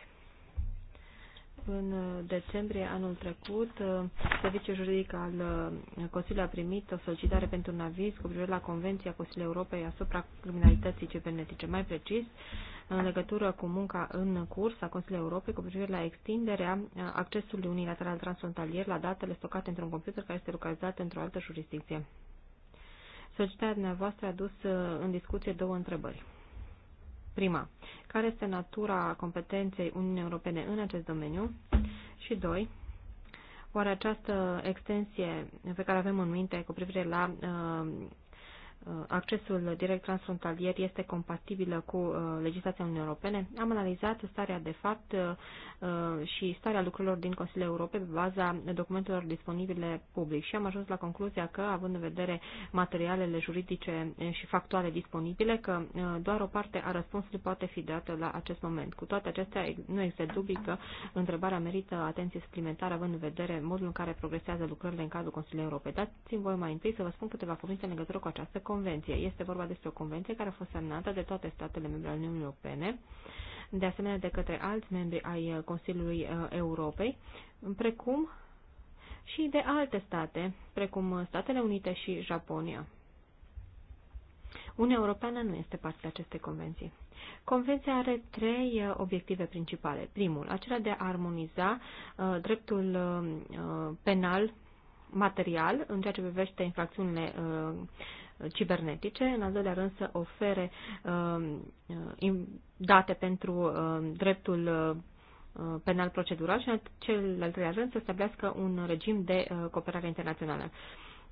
În decembrie anul trecut, Serviciul Juridic al Consiliului a primit o solicitare pentru un aviz cu privire la Convenția Consiliului Europei asupra criminalității cibernetice. Mai precis, în legătură cu munca în curs a Consiliului Europei cu privire la extinderea accesului unilateral transfrontalier la datele stocate într-un computer care este localizat într-o altă jurisdicție. Solicitarea dumneavoastră a dus uh, în discuție două întrebări. Prima, care este natura competenței Uniunii Europene în acest domeniu? Și doi, oare această extensie pe care avem în minte cu privire la uh, Uh, accesul direct transfrontalier este compatibilă cu uh, legislația Uniunii Europene, am analizat starea de fapt uh, și starea lucrurilor din Consiliul Europei pe baza documentelor disponibile public și am ajuns la concluzia că, având în vedere materialele juridice eh, și factuale disponibile, că eh, doar o parte a răspunsului poate fi dată la acest moment. Cu toate acestea, nu există dubii că întrebarea merită atenție suplimentară, având în vedere modul în care progresează lucrările în cadrul Consiliului Europei. Dați-mi voi mai întâi să vă spun câteva cuvinte în legătură cu această convenție. Este vorba despre o convenție care a fost semnată de toate statele membre ale Uniunii Europene, de asemenea de către alți membri ai uh, Consiliului uh, Europei, precum și de alte state, precum uh, Statele Unite și Japonia. Uniunea Europeană nu este parte a acestei convenții. Convenția are trei obiective principale. Primul, acela de a armoniza uh, dreptul uh, penal material în ceea ce privește infracțiunile uh, cibernetice, în al doilea rând să ofere um, date pentru um, dreptul uh, penal procedural și în cel al treilea rând să stabilească un regim de uh, cooperare internațională.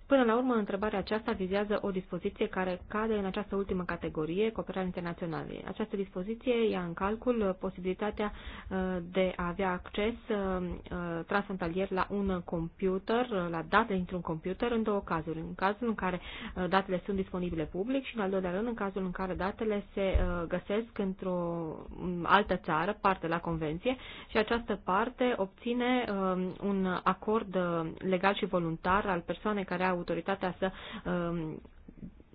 Până la urmă, întrebarea aceasta vizează o dispoziție care cade în această ultimă categorie, cooperare internațională. Această dispoziție ia în calcul posibilitatea uh, de a avea acces uh, uh, transfrontalier la un computer, la date dintr-un computer, în două cazuri. În cazul în care datele sunt disponibile public și, în al doilea rând, în cazul în care datele se găsesc într-o altă țară, parte la convenție, și această parte obține un acord legal și voluntar al persoanei care au autoritatea să um,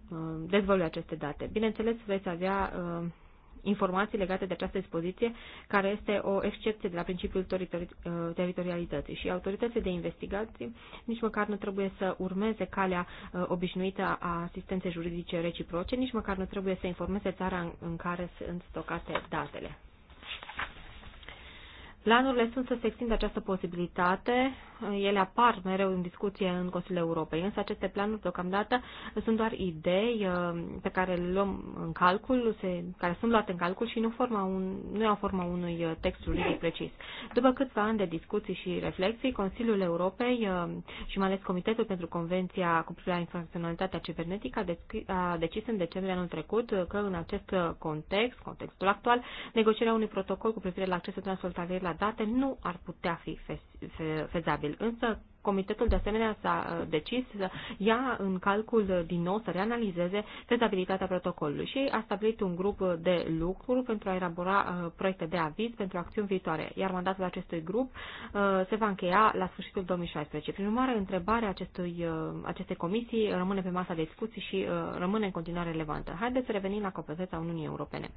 um, dezvăluie aceste date. Bineînțeles, veți avea um, informații legate de această expoziție, care este o excepție de la principiul uh, teritorialității. Și autoritățile de investigații nici măcar nu trebuie să urmeze calea uh, obișnuită a asistenței juridice reciproce, nici măcar nu trebuie să informeze țara în care sunt stocate datele. Planurile sunt să se extindă această posibilitate, ele apar mereu în discuție în Consiliul Europei, însă aceste planuri deocamdată sunt doar idei uh, pe care le luăm în calcul, se, care sunt luate în calcul și nu, forma un, nu iau forma unui uh, text juridic precis. După câțiva ani de discuții și reflexii, Consiliul Europei uh, și mai ales Comitetul pentru Convenția cu privire la infracționalitatea cibernetică a decis în decembrie anul trecut că în acest context, contextul actual, negocierea unui protocol cu privire la accesul transfrontalier la date nu ar putea fi fezabil. Însă, Comitetul de asemenea s-a uh, decis să ia în calcul din nou să reanalizeze fezabilitatea protocolului și a stabilit un grup de lucru pentru a elabora uh, proiecte de aviz pentru acțiuni viitoare, iar mandatul acestui grup uh, se va încheia la sfârșitul 2016. Prin urmare, întrebarea acestui, acestei comisii rămâne pe masa de discuții și rămâne în continuare relevantă. Haideți să revenim la competența Uniunii Europene.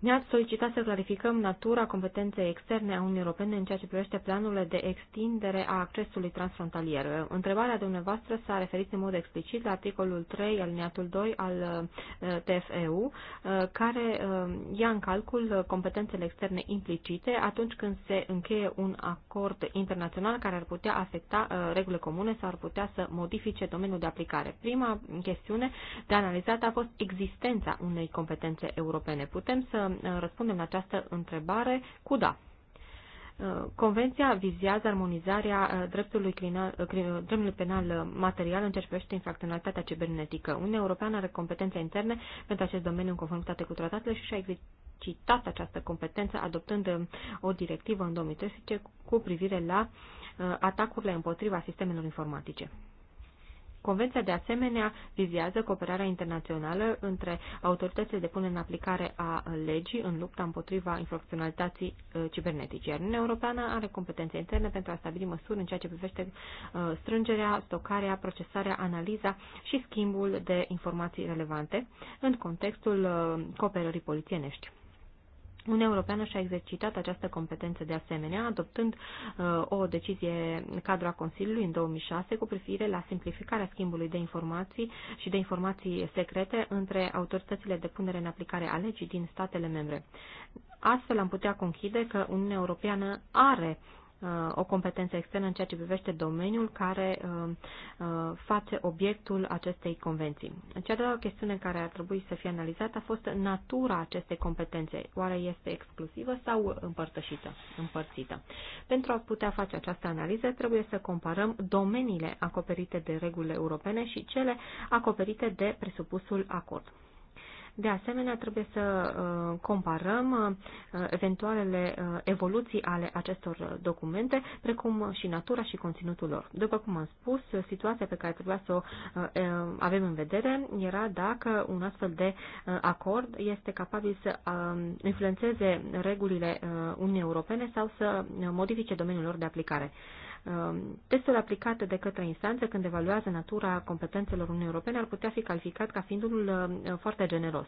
Ne-ați solicitat să clarificăm natura competenței externe a Uniunii Europene în ceea ce privește planurile de extindere a accesului transfrontalier. Întrebarea dumneavoastră s-a referit în mod explicit la articolul 3, alineatul 2 al uh, TFEU, uh, care uh, ia în calcul competențele externe implicite atunci când se încheie un acord internațional care ar putea afecta regulile comune sau ar putea să modifice domeniul de aplicare. Prima chestiune de analizat a fost existența unei competențe europene. Putem să Uh, răspundem la această întrebare cu da. Uh, convenția vizează armonizarea uh, dreptului, crinal, dreptului penal material în ceea ce privește infracționalitatea cibernetică. Uniunea Europeană are competențe interne pentru acest domeniu în conformitate cu tratatele și și-a exercitat această competență adoptând o directivă în 2013 cu privire la atacurile împotriva sistemelor informatice. Convenția de asemenea vizează cooperarea internațională între autoritățile de punere în aplicare a legii în lupta împotriva infracționalității uh, cibernetice. Iar Uniunea Europeană are competențe interne pentru a stabili măsuri în ceea ce privește uh, strângerea, stocarea, procesarea, analiza și schimbul de informații relevante în contextul uh, cooperării polițienești. Uniunea Europeană și-a exercitat această competență de asemenea, adoptând uh, o decizie cadru a Consiliului în 2006 cu privire la simplificarea schimbului de informații și de informații secrete între autoritățile de punere în aplicare a legii din statele membre. Astfel am putea conchide că Uniunea Europeană are Uh, o competență externă în ceea ce privește domeniul care uh, uh, face obiectul acestei convenții. Cea de-a chestiune care ar trebui să fie analizată a fost natura acestei competențe. Oare este exclusivă sau împărtășită, împărțită? Pentru a putea face această analiză, trebuie să comparăm domeniile acoperite de regulile europene și cele acoperite de presupusul acord. De asemenea, trebuie să uh, comparăm uh, eventualele uh, evoluții ale acestor documente, precum și natura și conținutul lor. După cum am spus, situația pe care trebuia să o avem în vedere era dacă un astfel de acord este capabil să um, influențeze regulile Uniunii Europene sau să modifice domeniul lor de aplicare. Um, testul aplicat de către instanță când evaluează natura competențelor Uniunii Europene ar putea fi calificat ca fiind unul um, foarte generos.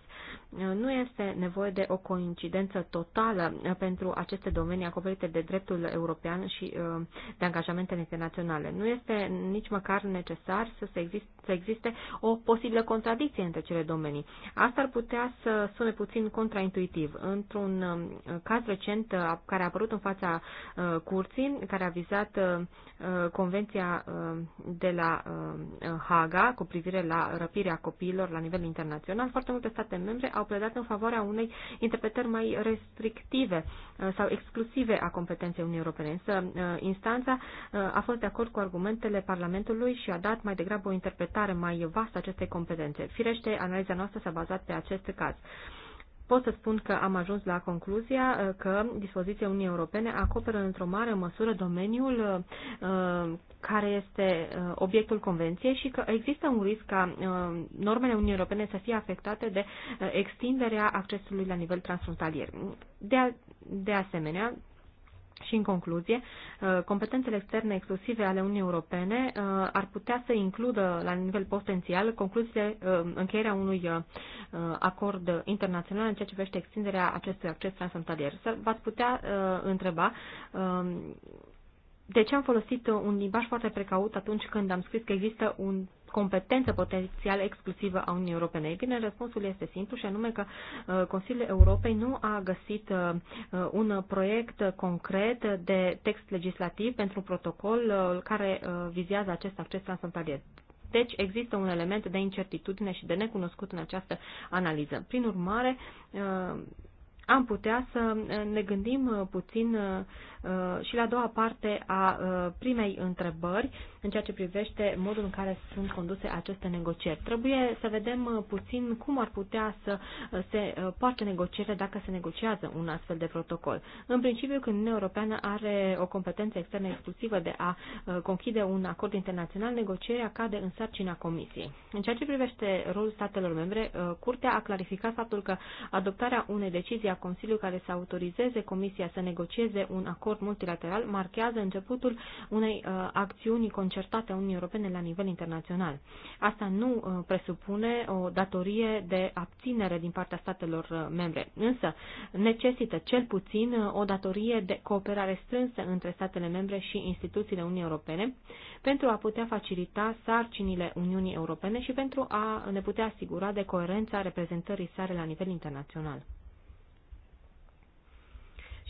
Uh, nu este nevoie de o coincidență totală uh, pentru aceste domenii acoperite de dreptul european și um, de angajamentele internaționale. Nu este nici măcar necesar să, se existe, să existe o posibilă contradicție între cele domenii. Asta ar putea să sune puțin contraintuitiv. Într-un caz recent uh, care a apărut în fața curții, care a vizat Uh, convenția uh, de la uh, Haga cu privire la răpirea copiilor la nivel internațional, foarte multe state membre au pledat în favoarea unei interpretări mai restrictive sau exclusive a competenței Uniunii Europene. Însă instanța a fost de acord cu argumentele Parlamentului și a dat mai degrabă o interpretare mai vastă acestei competențe. Firește, analiza noastră s-a bazat pe acest caz pot să spun că am ajuns la concluzia uh, că dispoziția Uniunii Europene acoperă într-o mare măsură domeniul uh, care este uh, obiectul convenției și că există un risc ca normele Uniunii Europene să fie afectate de extinderea accesului la nivel transfrontalier. De, a, de asemenea, și în concluzie, uh, competențele externe exclusive ale Uniunii Europene uh, ar putea să includă la nivel potențial concluziile uh, încheierea unui acord internațional în ceea ce privește extinderea acestui acces transfrontalier. V-ați putea întreba um, de ce am folosit un limbaj foarte precaut atunci când am scris că există un competență potențial exclusivă a Uniunii Europene? Ei bine, răspunsul este simplu și anume că uh, Consiliul Europei nu a găsit uh, uh, un proiect concret de text legislativ pentru un protocol care vizează acest acces transfrontalier. Deci există un element de incertitudine și de necunoscut în această analiză. Prin urmare, am putea să ne gândim puțin și la a doua parte a primei întrebări în ceea ce privește modul în care sunt conduse aceste negocieri. Trebuie să vedem uh, puțin cum ar putea să uh, se uh, poartă negocierile dacă se negociază un astfel de protocol. În principiu, când Uniunea Europeană are o competență externă exclusivă de a conchide un acord internațional, negocierea cade în sarcina Comisiei. În ceea ce privește rolul statelor membre, Curtea a clarificat faptul că adoptarea unei decizii a Consiliului care să autorizeze Comisia să negocieze un acord multilateral marchează începutul unei acțiuni concertate a Uniunii Europene la nivel internațional. Asta nu uh, presupune o datorie de abținere din partea statelor uh, membre, însă necesită cel puțin uh, o datorie de cooperare strânsă între statele membre și instituțiile Uniunii Europene pentru a putea facilita sarcinile Uniunii Europene și pentru a ne putea asigura de coerența reprezentării sale la nivel internațional.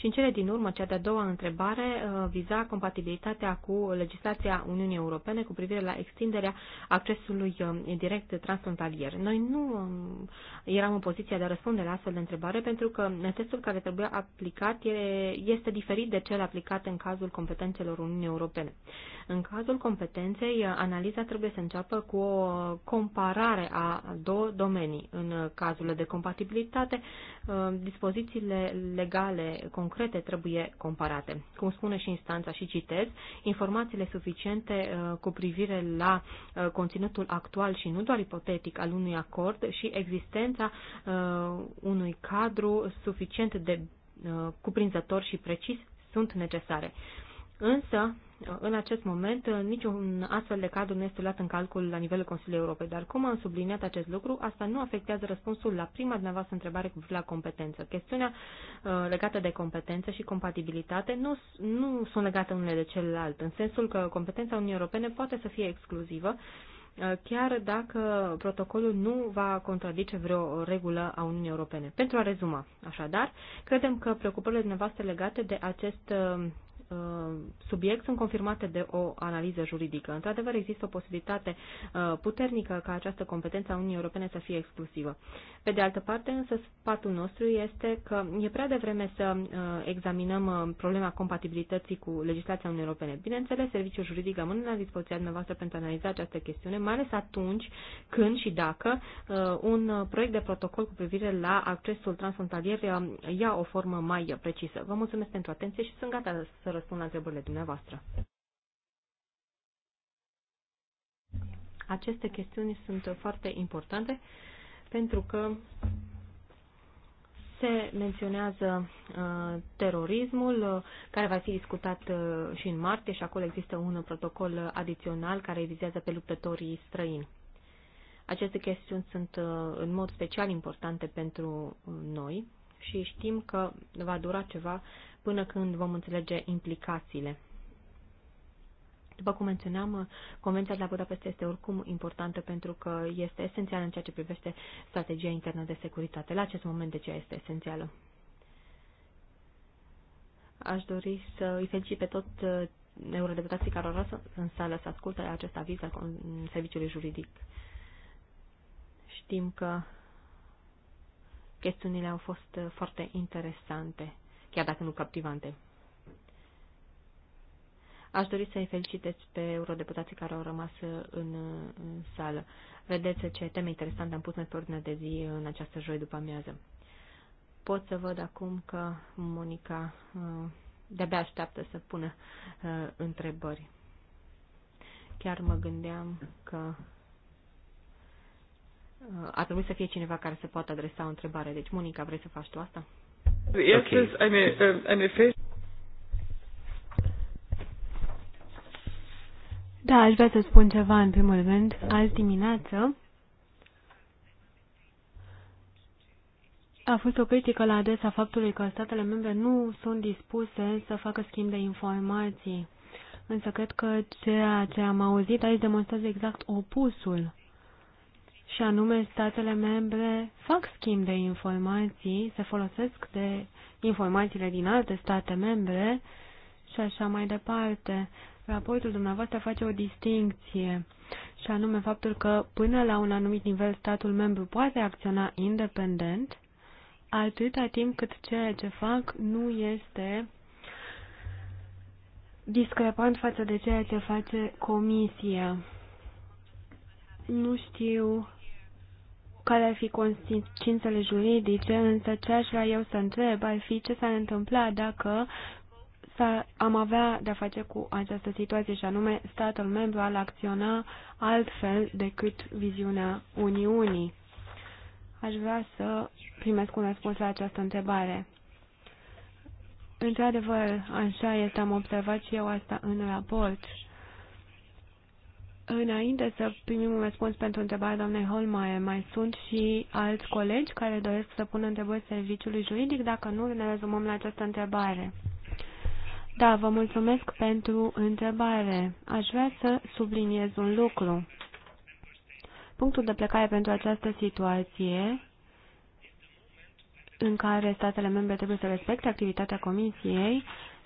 Și în cele din urmă, cea de-a doua întrebare uh, viza compatibilitatea cu legislația Uniunii Europene cu privire la extinderea accesului uh, direct transfrontalier. Noi nu um, eram în poziția de a răspunde la astfel de întrebare pentru că testul care trebuia aplicat este diferit de cel aplicat în cazul competențelor Uniunii Europene. În cazul competenței, analiza trebuie să înceapă cu o comparare a două domenii. În cazul de compatibilitate, uh, dispozițiile legale concrete trebuie comparate. Cum spune și instanța și citez, informațiile suficiente uh, cu privire la uh, conținutul actual și nu doar ipotetic al unui acord și existența unui cadru suficient de cuprinzător și precis sunt necesare. Însă, în acest moment niciun astfel de cadru nu este luat în calcul la nivelul Consiliului Europei, dar cum am subliniat acest lucru, asta nu afectează răspunsul la prima dumneavoastră întrebare cu privire la competență. Chestiunea uh, legată de competență și compatibilitate nu, nu sunt legate unele de celelalte, în sensul că competența Uniunii Europene poate să fie exclusivă, uh, chiar dacă protocolul nu va contradice vreo regulă a Uniunii Europene. Pentru a rezuma, așadar, credem că preocupările dumneavoastră legate de acest uh, Uh, subiect sunt confirmate de o analiză juridică. Într-adevăr, există o posibilitate uh, puternică ca această competență a Uniunii Europene să fie exclusivă. Pe de altă parte, însă, sfatul nostru este că e prea devreme să uh, examinăm problema compatibilității cu legislația Uniunii Europene. Bineînțeles, serviciul juridic rămâne la dispoziția dumneavoastră pentru a analiza această chestiune, mai ales atunci când și dacă un proiect de protocol cu privire la accesul transfrontalier ia o formă mai precisă. Vă mulțumesc pentru atenție și sunt gata să răspund răspund la întrebările dumneavoastră. Aceste chestiuni sunt foarte importante pentru că se menționează uh, terorismul, uh, care va fi discutat uh, și în martie și acolo există un protocol adițional care vizează pe luptătorii străini. Aceste chestiuni sunt uh, în mod special importante pentru noi și știm că va dura ceva până când vom înțelege implicațiile. După cum menționam, Convenția de la Budapest este oricum importantă pentru că este esențială în ceea ce privește strategia internă de securitate. La acest moment, de deci, ce este esențială? Aș dori să îi felicit pe tot uh, eurodeputații care au rămas în sală să asculte acest aviz al serviciului juridic. Știm că chestiunile au fost uh, foarte interesante chiar dacă nu captivante. Aș dori să-i feliciteți pe eurodeputații care au rămas uh, în, uh, în sală. Vedeți ce teme interesante am pus pe ordine de zi uh, în această joi după amiază. Pot să văd acum că Monica de-abia așteaptă să pună întrebări. Chiar mă gândeam că ar trebui să fie cineva care să poată adresa o întrebare. Deci, Monica, vrei să faci tu asta? Okay. Um, da, aș vrea să spun ceva în primul rând. Azi dimineață a fost o critică la adresa faptului că statele membre nu sunt dispuse să facă schimb de informații. Însă cred că ceea ce am auzit aici demonstrează exact opusul și anume statele membre fac schimb de informații, se folosesc de informațiile din alte state membre și așa mai departe. Raportul dumneavoastră face o distincție și anume faptul că până la un anumit nivel statul membru poate acționa independent atâta timp cât ceea ce fac nu este discrepant față de ceea ce face comisia. Nu știu care ar fi consecințele juridice, însă ce aș vrea eu să întreb ar fi ce s-ar întâmpla dacă am avea de-a face cu această situație și anume statul membru al acționa altfel decât viziunea Uniunii. Aș vrea să primesc un răspuns la această întrebare. Într-adevăr, așa este, am observat și eu asta în raport. Înainte să primim un răspuns pentru întrebarea doamnei Holmaier, mai sunt și alți colegi care doresc să pună întrebări serviciului juridic? Dacă nu, ne rezumăm la această întrebare. Da, vă mulțumesc pentru întrebare. Aș vrea să subliniez un lucru. Punctul de plecare pentru această situație în care statele membre trebuie să respecte activitatea Comisiei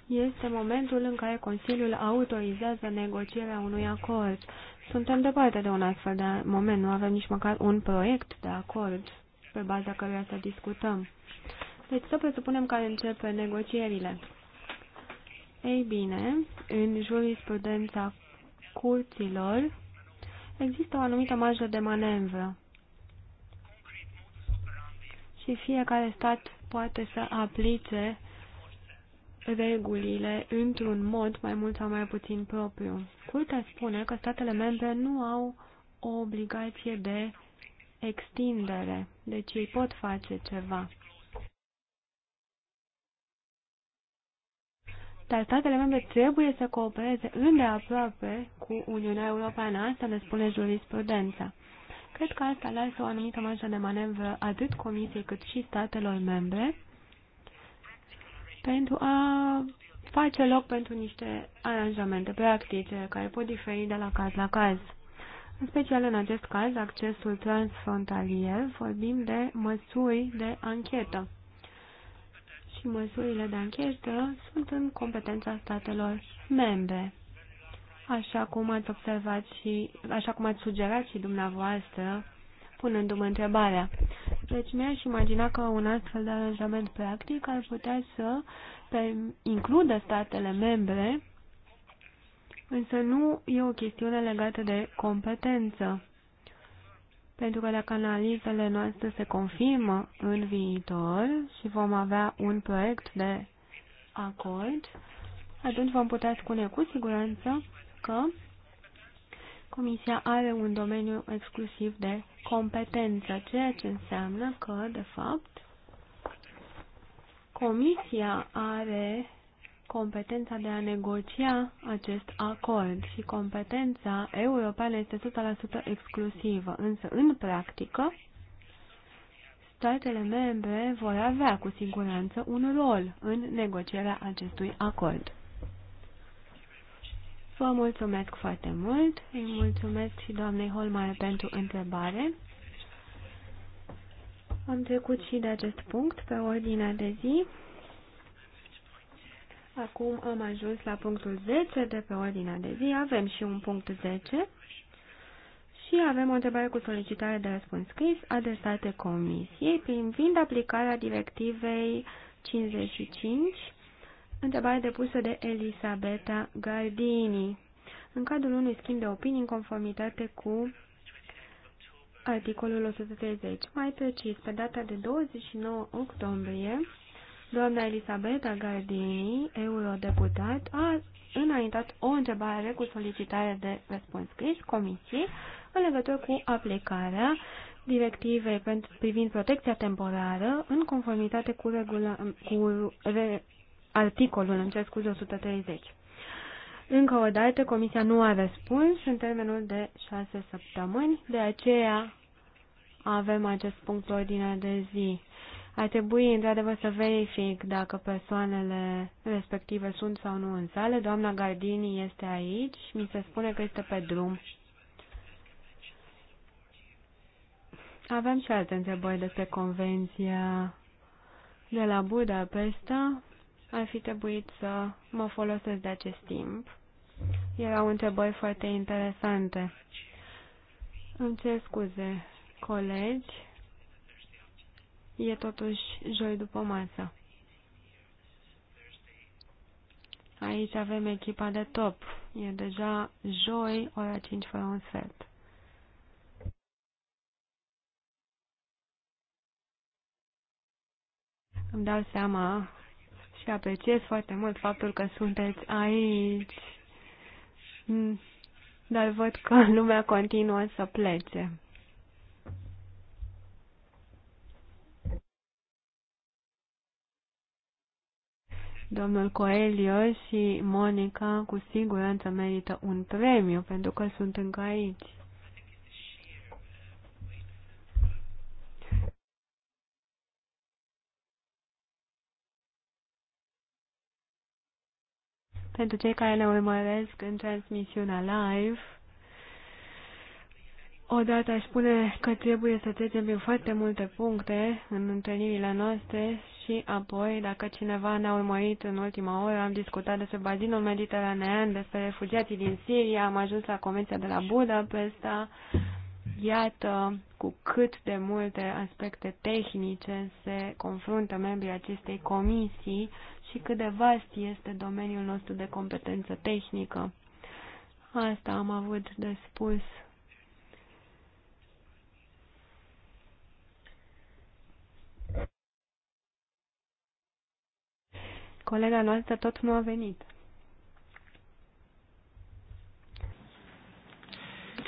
este momentul în care Consiliul autorizează negocierea unui acord. Suntem departe de un astfel de moment, nu avem nici măcar un proiect de acord pe baza căruia să discutăm. Deci să presupunem că începe negocierile. Ei bine, în jurisprudența curților există o anumită marjă de manevră și fiecare stat poate să aplice regulile într-un mod mai mult sau mai puțin propriu. Curtea spune că statele membre nu au o obligație de extindere, deci ei pot face ceva. Dar statele membre trebuie să coopereze îndeaproape cu Uniunea Europeană, asta ne spune jurisprudența. Cred că asta lasă o anumită manșă de manevră atât Comisiei cât și statelor membre pentru a face loc pentru niște aranjamente practice care pot diferi de la caz la caz. În special în acest caz, accesul transfrontalier, vorbim de măsuri de anchetă. Și măsurile de anchetă sunt în competența statelor membre. Așa cum ați observat și, așa cum ați sugerat și dumneavoastră, punându-mă întrebarea. Deci mi-aș imagina că un astfel de aranjament practic ar putea să includă statele membre, însă nu e o chestiune legată de competență. Pentru că dacă analizele noastre se confirmă în viitor și vom avea un proiect de acord, atunci vom putea spune cu siguranță că Comisia are un domeniu exclusiv de competență, ceea ce înseamnă că, de fapt, Comisia are competența de a negocia acest acord și competența europeană este 100% exclusivă, însă în practică statele membre vor avea cu siguranță un rol în negocierea acestui acord. Vă mulțumesc foarte mult. Îi mulțumesc și doamnei Holmar pentru întrebare. Am trecut și de acest punct pe ordinea de zi. Acum am ajuns la punctul 10 de pe ordinea de zi. Avem și un punct 10 și avem o întrebare cu solicitare de răspuns scris adresată Comisiei privind aplicarea directivei 55 Întrebare depusă de Elisabeta Gardini. În cadrul unui schimb de opinii în conformitate cu articolul 130, mai precis, pe data de 29 octombrie, doamna Elisabeta Gardini, eurodeputat, a înaintat o întrebare cu solicitare de răspuns scris comisiei în legătură cu aplicarea directivei privind protecția temporară în conformitate cu, regula, cu re, articolul, în cer scuze, 130. Încă o dată, Comisia nu a răspuns în termenul de șase săptămâni, de aceea avem acest punct pe ordinea de zi. Ar trebui, într-adevăr, să verific dacă persoanele respective sunt sau nu în sală. Doamna Gardini este aici, mi se spune că este pe drum. Avem și alte întrebări despre convenția de la Budapesta ar fi trebuit să mă folosesc de acest timp. Erau întrebări foarte interesante. Îmi cer scuze, colegi. E totuși joi după masă. Aici avem echipa de top. E deja joi, ora 5 fără un sfert. Îmi dau seama și apreciez foarte mult faptul că sunteți aici. Mm, dar văd că lumea continuă să plece. Domnul Coelio și Monica cu siguranță merită un premiu pentru că sunt încă aici. pentru cei care ne urmăresc în transmisiunea live. Odată aș spune că trebuie să trecem prin foarte multe puncte în întâlnirile noastre și apoi, dacă cineva ne-a urmărit în ultima oră, am discutat despre bazinul mediteranean, despre refugiații din Siria, am ajuns la Convenția de la Budapesta. Iată cu cât de multe aspecte tehnice se confruntă membrii acestei comisii și cât de vast este domeniul nostru de competență tehnică. Asta am avut de spus. Colega noastră tot nu a venit.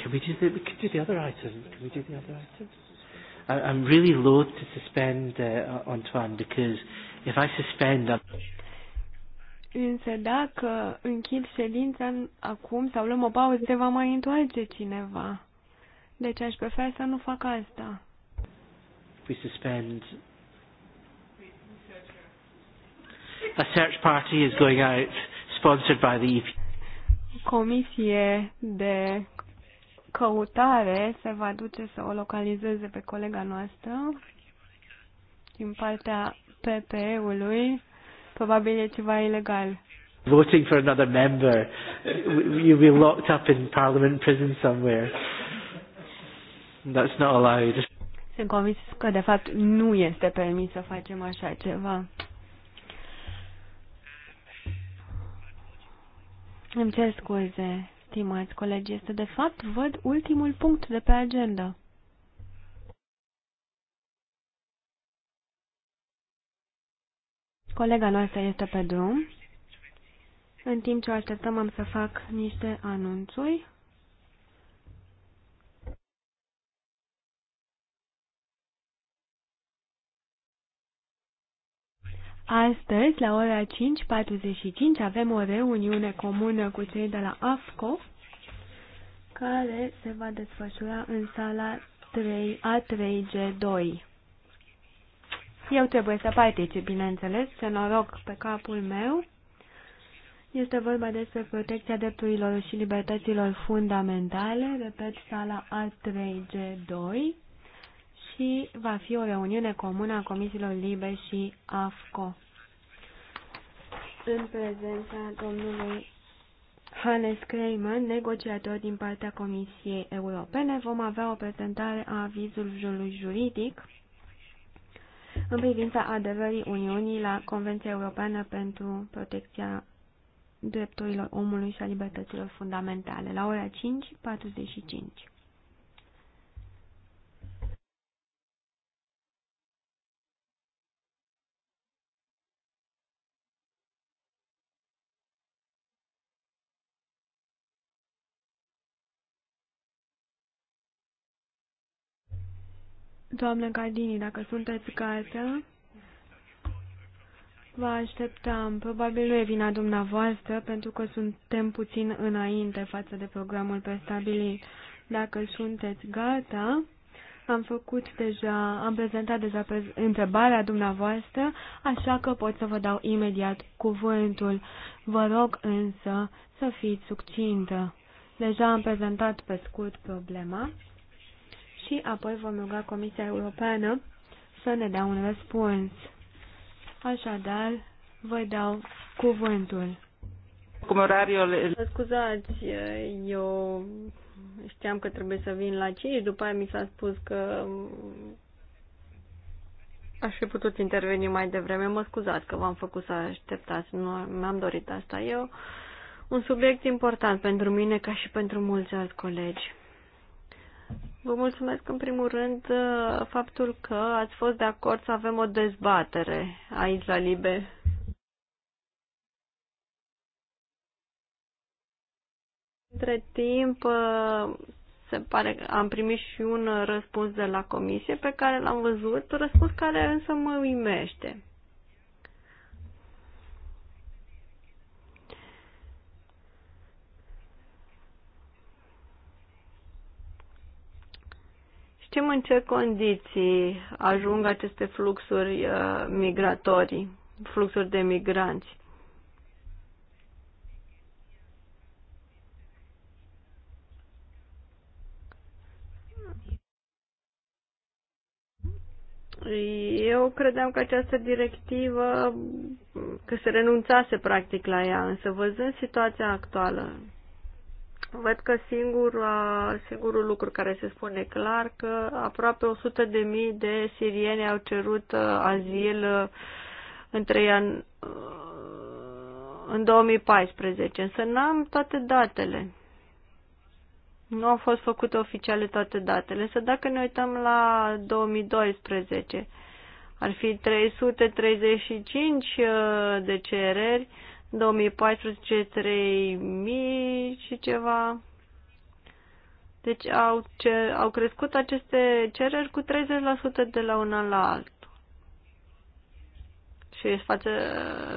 Can we do the, we can do the other item? Can we do the other item? I, I'm really loath to suspend uh, Antoine because if I suspend, I'm... not sure. Însă dacă închid ședința acum sau luăm o pauză, se va mai întoarce cineva. Deci aș prefera să nu fac asta. We suspend. A search party is going out, sponsored by the EP. Comisie de căutare se va duce să o localizeze pe colega noastră din partea PPE-ului. Probabil e ceva ilegal. Voting for another member, you'll be locked up in Parliament prison somewhere. That's not allowed. Sunt convins că, de fapt, nu este permis să facem așa ceva. Îmi cer scuze, stimați colegi, este de fapt, văd, ultimul punct de pe agenda. Colega noastră este pe drum. În timp ce o așteptăm, am să fac niște anunțuri. Astăzi, la ora 5.45, avem o reuniune comună cu cei de la AFCO, care se va desfășura în sala 3 A3G2. Eu trebuie să particip, bineînțeles, să noroc pe capul meu. Este vorba despre protecția drepturilor și libertăților fundamentale, repet, sala A3G2 și va fi o reuniune comună a Comisiilor Libe și AFCO. În prezența domnului Hannes Kramer, negociator din partea Comisiei Europene, vom avea o prezentare a avizului juridic în privința aderării Uniunii la Convenția Europeană pentru Protecția Drepturilor Omului și a Libertăților Fundamentale, la ora 5.45. Doamnă Gardini, dacă sunteți gata, vă așteptam. Probabil nu e vina dumneavoastră, pentru că suntem puțin înainte față de programul prestabilit. Dacă sunteți gata, am făcut deja, am prezentat deja pe întrebarea dumneavoastră, așa că pot să vă dau imediat cuvântul. Vă rog însă să fiți succintă. Deja am prezentat pe scurt problema și apoi vom ruga Comisia Europeană să ne dea un răspuns. Așadar, vă dau cuvântul. Cum orariul... Scuzați, eu știam că trebuie să vin la 5, după aia mi s-a spus că aș fi putut interveni mai devreme. Mă scuzați că v-am făcut să așteptați, nu mi-am dorit asta. Eu un subiect important pentru mine ca și pentru mulți alți colegi. Vă mulțumesc în primul rând uh, faptul că ați fost de acord să avem o dezbatere aici la Libe. Între timp, uh, se pare că am primit și un răspuns de la comisie pe care l-am văzut, un răspuns care însă mă uimește. știm în ce condiții ajung aceste fluxuri uh, migratorii, fluxuri de migranți. Eu credeam că această directivă, că se renunțase practic la ea, însă văzând situația actuală, Văd că singur, uh, singurul lucru care se spune clar că aproape 100.000 de, mii de sirieni au cerut uh, azil uh, între ian... în 2014, însă n-am toate datele. Nu au fost făcute oficiale toate datele, însă dacă ne uităm la 2012, ar fi 335 de cereri, 2014 3000 și ceva. Deci au, ce, au crescut aceste cereri cu 30% de la un an la altul. Și față,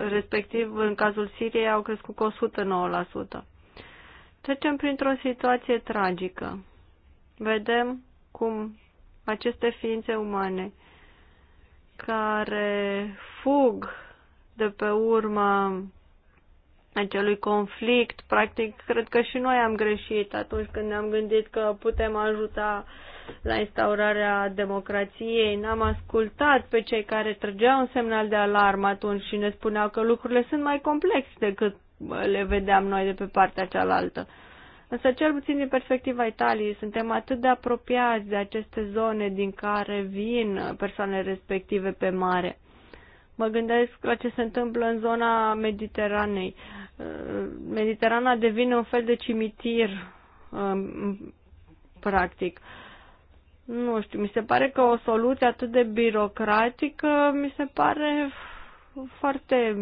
respectiv, în cazul Siriei au crescut cu 109%. Trecem printr-o situație tragică. Vedem cum aceste ființe umane care fug de pe urma acelui conflict. Practic, cred că și noi am greșit atunci când ne-am gândit că putem ajuta la instaurarea democrației. N-am ascultat pe cei care trăgeau un semnal de alarmă atunci și ne spuneau că lucrurile sunt mai complexe decât le vedeam noi de pe partea cealaltă. Însă, cel puțin din perspectiva Italiei, suntem atât de apropiați de aceste zone din care vin persoanele respective pe mare. Mă gândesc la ce se întâmplă în zona Mediteranei. Mediterana devine un fel de cimitir, um, practic. Nu știu, mi se pare că o soluție atât de birocratică mi se pare foarte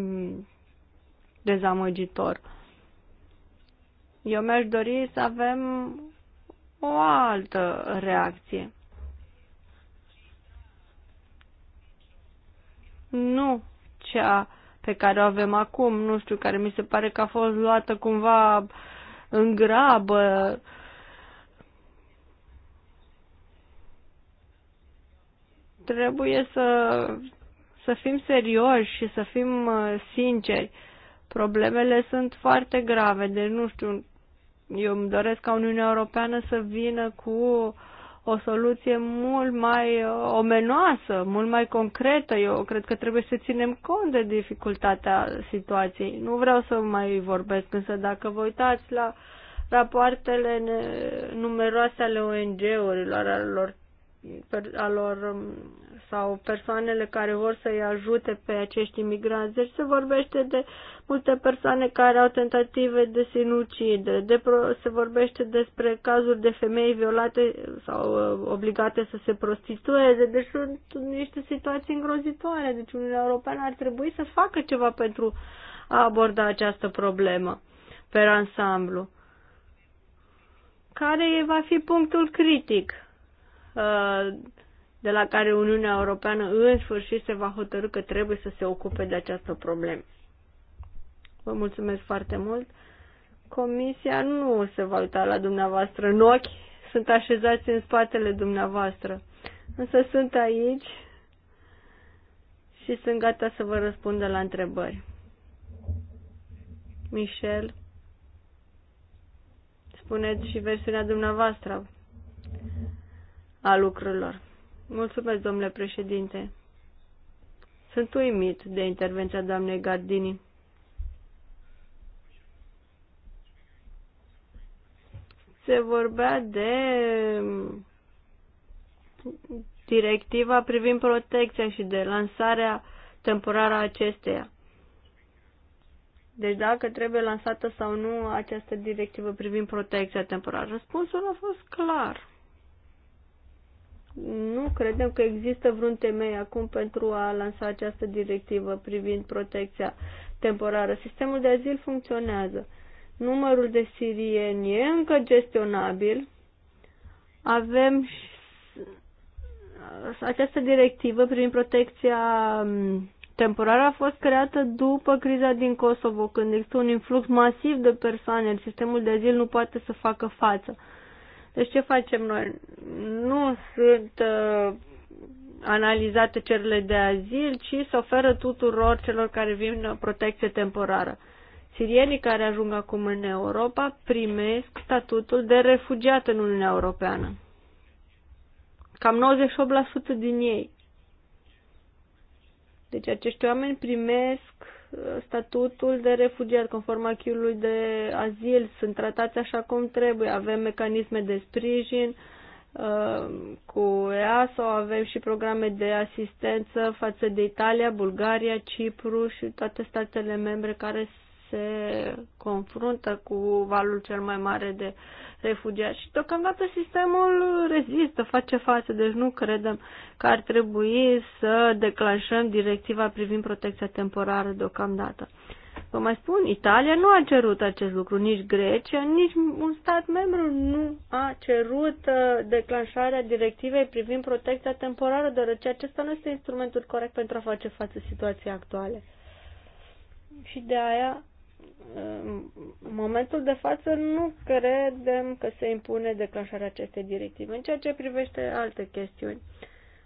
dezamăgitor. Eu mi-aș dori să avem o altă reacție. Nu cea pe care o avem acum, nu știu, care mi se pare că a fost luată cumva în grabă. Trebuie să, să fim serioși și să fim uh, sinceri. Problemele sunt foarte grave, deci nu știu, eu îmi doresc ca Uniunea Europeană să vină cu uh, o soluție mult mai uh, omenoasă, mult mai concretă. Eu cred că trebuie să ținem cont de dificultatea situației. Nu vreau să mai vorbesc, însă dacă vă uitați la rapoartele numeroase ale ONG-urilor, alor, alor um, sau persoanele care vor să-i ajute pe acești imigranți. Deci se vorbește de multe persoane care au tentative de sinucidere, de pro- se vorbește despre cazuri de femei violate sau uh, obligate să se prostitueze. Deci sunt niște situații îngrozitoare. Deci Uniunea Europeană ar trebui să facă ceva pentru a aborda această problemă pe ansamblu. Care va fi punctul critic? Uh, de la care Uniunea Europeană în sfârșit se va hotărâ că trebuie să se ocupe de această problemă. Vă mulțumesc foarte mult. Comisia nu se va uita la dumneavoastră în ochi, sunt așezați în spatele dumneavoastră. Însă sunt aici și sunt gata să vă răspundă la întrebări. Michel, spuneți și versiunea dumneavoastră a lucrurilor. Mulțumesc, domnule președinte. Sunt uimit de intervenția doamnei Gardini. Se vorbea de directiva privind protecția și de lansarea temporară a acesteia. Deci dacă trebuie lansată sau nu această directivă privind protecția temporară. Răspunsul a fost clar nu credem că există vreun temei acum pentru a lansa această directivă privind protecția temporară. Sistemul de azil funcționează. Numărul de sirieni e încă gestionabil. Avem această directivă privind protecția temporară a fost creată după criza din Kosovo, când există un influx masiv de persoane, sistemul de azil nu poate să facă față. Deci ce facem noi? Nu sunt uh, analizate cererile de azil, ci se oferă tuturor celor care vin protecție temporară. Sirienii care ajung acum în Europa primesc statutul de refugiat în Uniunea Europeană. Cam 98% din ei. Deci acești oameni primesc statutul de refugiat conform achiului de azil, sunt tratați așa cum trebuie, avem mecanisme de sprijin uh, cu EASO, avem și programe de asistență față de Italia, Bulgaria, Cipru și toate statele membre care se confruntă cu valul cel mai mare de uh, refugiați. Și deocamdată sistemul rezistă, face față, deci nu credem că ar trebui să declanșăm directiva privind protecția temporară deocamdată. Vă mai spun, Italia nu a cerut acest lucru, nici Grecia, nici un stat membru nu a cerut uh, declanșarea directivei privind protecția temporară, deoarece acesta nu este instrumentul corect pentru a face față situației actuale. Și de aia în momentul de față nu credem că se impune declanșarea acestei directive. În ceea ce privește alte chestiuni,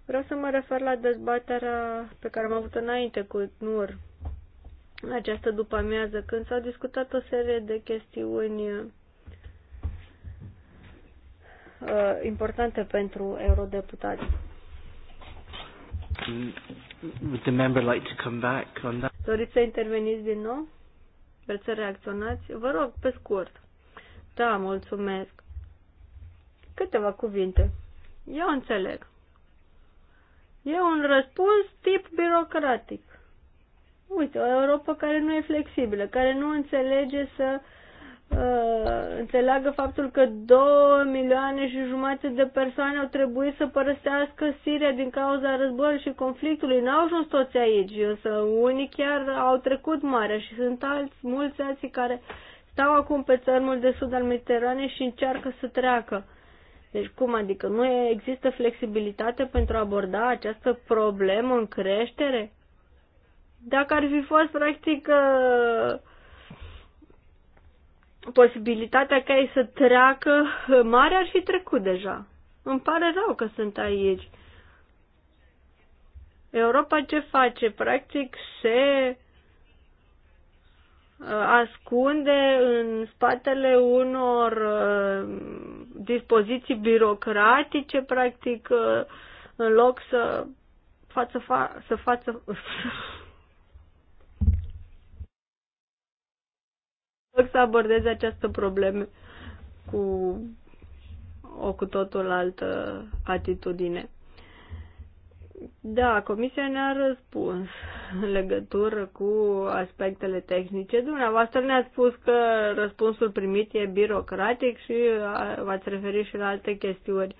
vreau să mă refer la dezbaterea pe care am avut înainte cu NUR această după amiază, când s-au discutat o serie de chestiuni uh, importante pentru eurodeputați. Would the member like to come back on that? Doriți să interveniți din nou? Vreți să reacționați? Vă rog, pe scurt. Da, mulțumesc. Câteva cuvinte. Eu înțeleg. E un răspuns tip birocratic. Uite, o Europa care nu e flexibilă, care nu înțelege să uh, uh, înțeleagă faptul că două milioane și jumate de persoane au trebuit să părăsească Siria din cauza războiului și conflictului. N-au ajuns toți aici, însă unii chiar au trecut mare și sunt alți, mulți alții care stau acum pe țărmul de sud al Mediteranei și încearcă să treacă. Deci cum adică? Nu există flexibilitate pentru a aborda această problemă în creștere? Dacă ar fi fost practic uh, posibilitatea ca ei să treacă mare ar fi trecut deja. Îmi pare rău că sunt aici. Europa ce face? Practic se ascunde în spatele unor dispoziții birocratice, practic, în loc să față, fa- să față, să abordez această problemă cu o cu totul altă atitudine. Da, comisia ne-a răspuns în legătură cu aspectele tehnice. Dumneavoastră ne-ați spus că răspunsul primit e birocratic și v-ați referit și la alte chestiuni.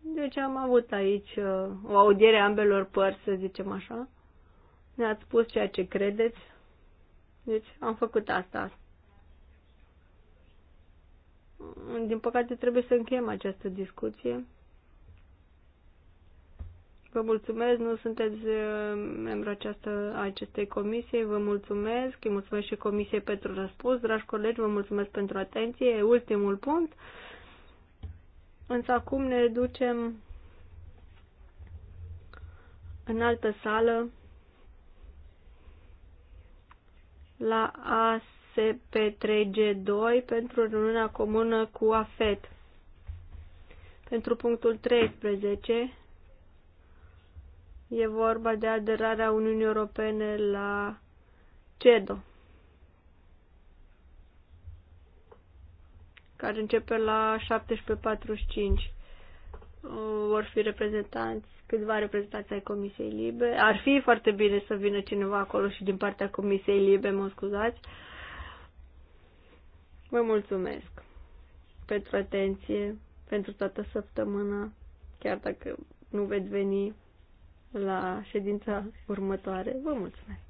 Deci am avut aici uh, o audiere ambelor părți, să zicem așa. Ne-ați spus ceea ce credeți deci am făcut asta. Din păcate trebuie să încheiem această discuție. Vă mulțumesc, nu sunteți uh, membru această, acestei comisii, vă mulțumesc, îi mulțumesc și comisiei pentru răspuns, dragi colegi, vă mulțumesc pentru atenție, ultimul punct. Însă acum ne ducem în altă sală la ASP3G2 pentru reuniunea comună cu AFET. Pentru punctul 13 e vorba de aderarea Uniunii Europene la CEDO, care începe la 17.45. Vor fi reprezentanți câțiva reprezentanți ai Comisiei Libe. Ar fi foarte bine să vină cineva acolo și din partea Comisiei Libe, mă scuzați. Vă mulțumesc pentru atenție, pentru toată săptămâna, chiar dacă nu veți veni la ședința următoare. Vă mulțumesc!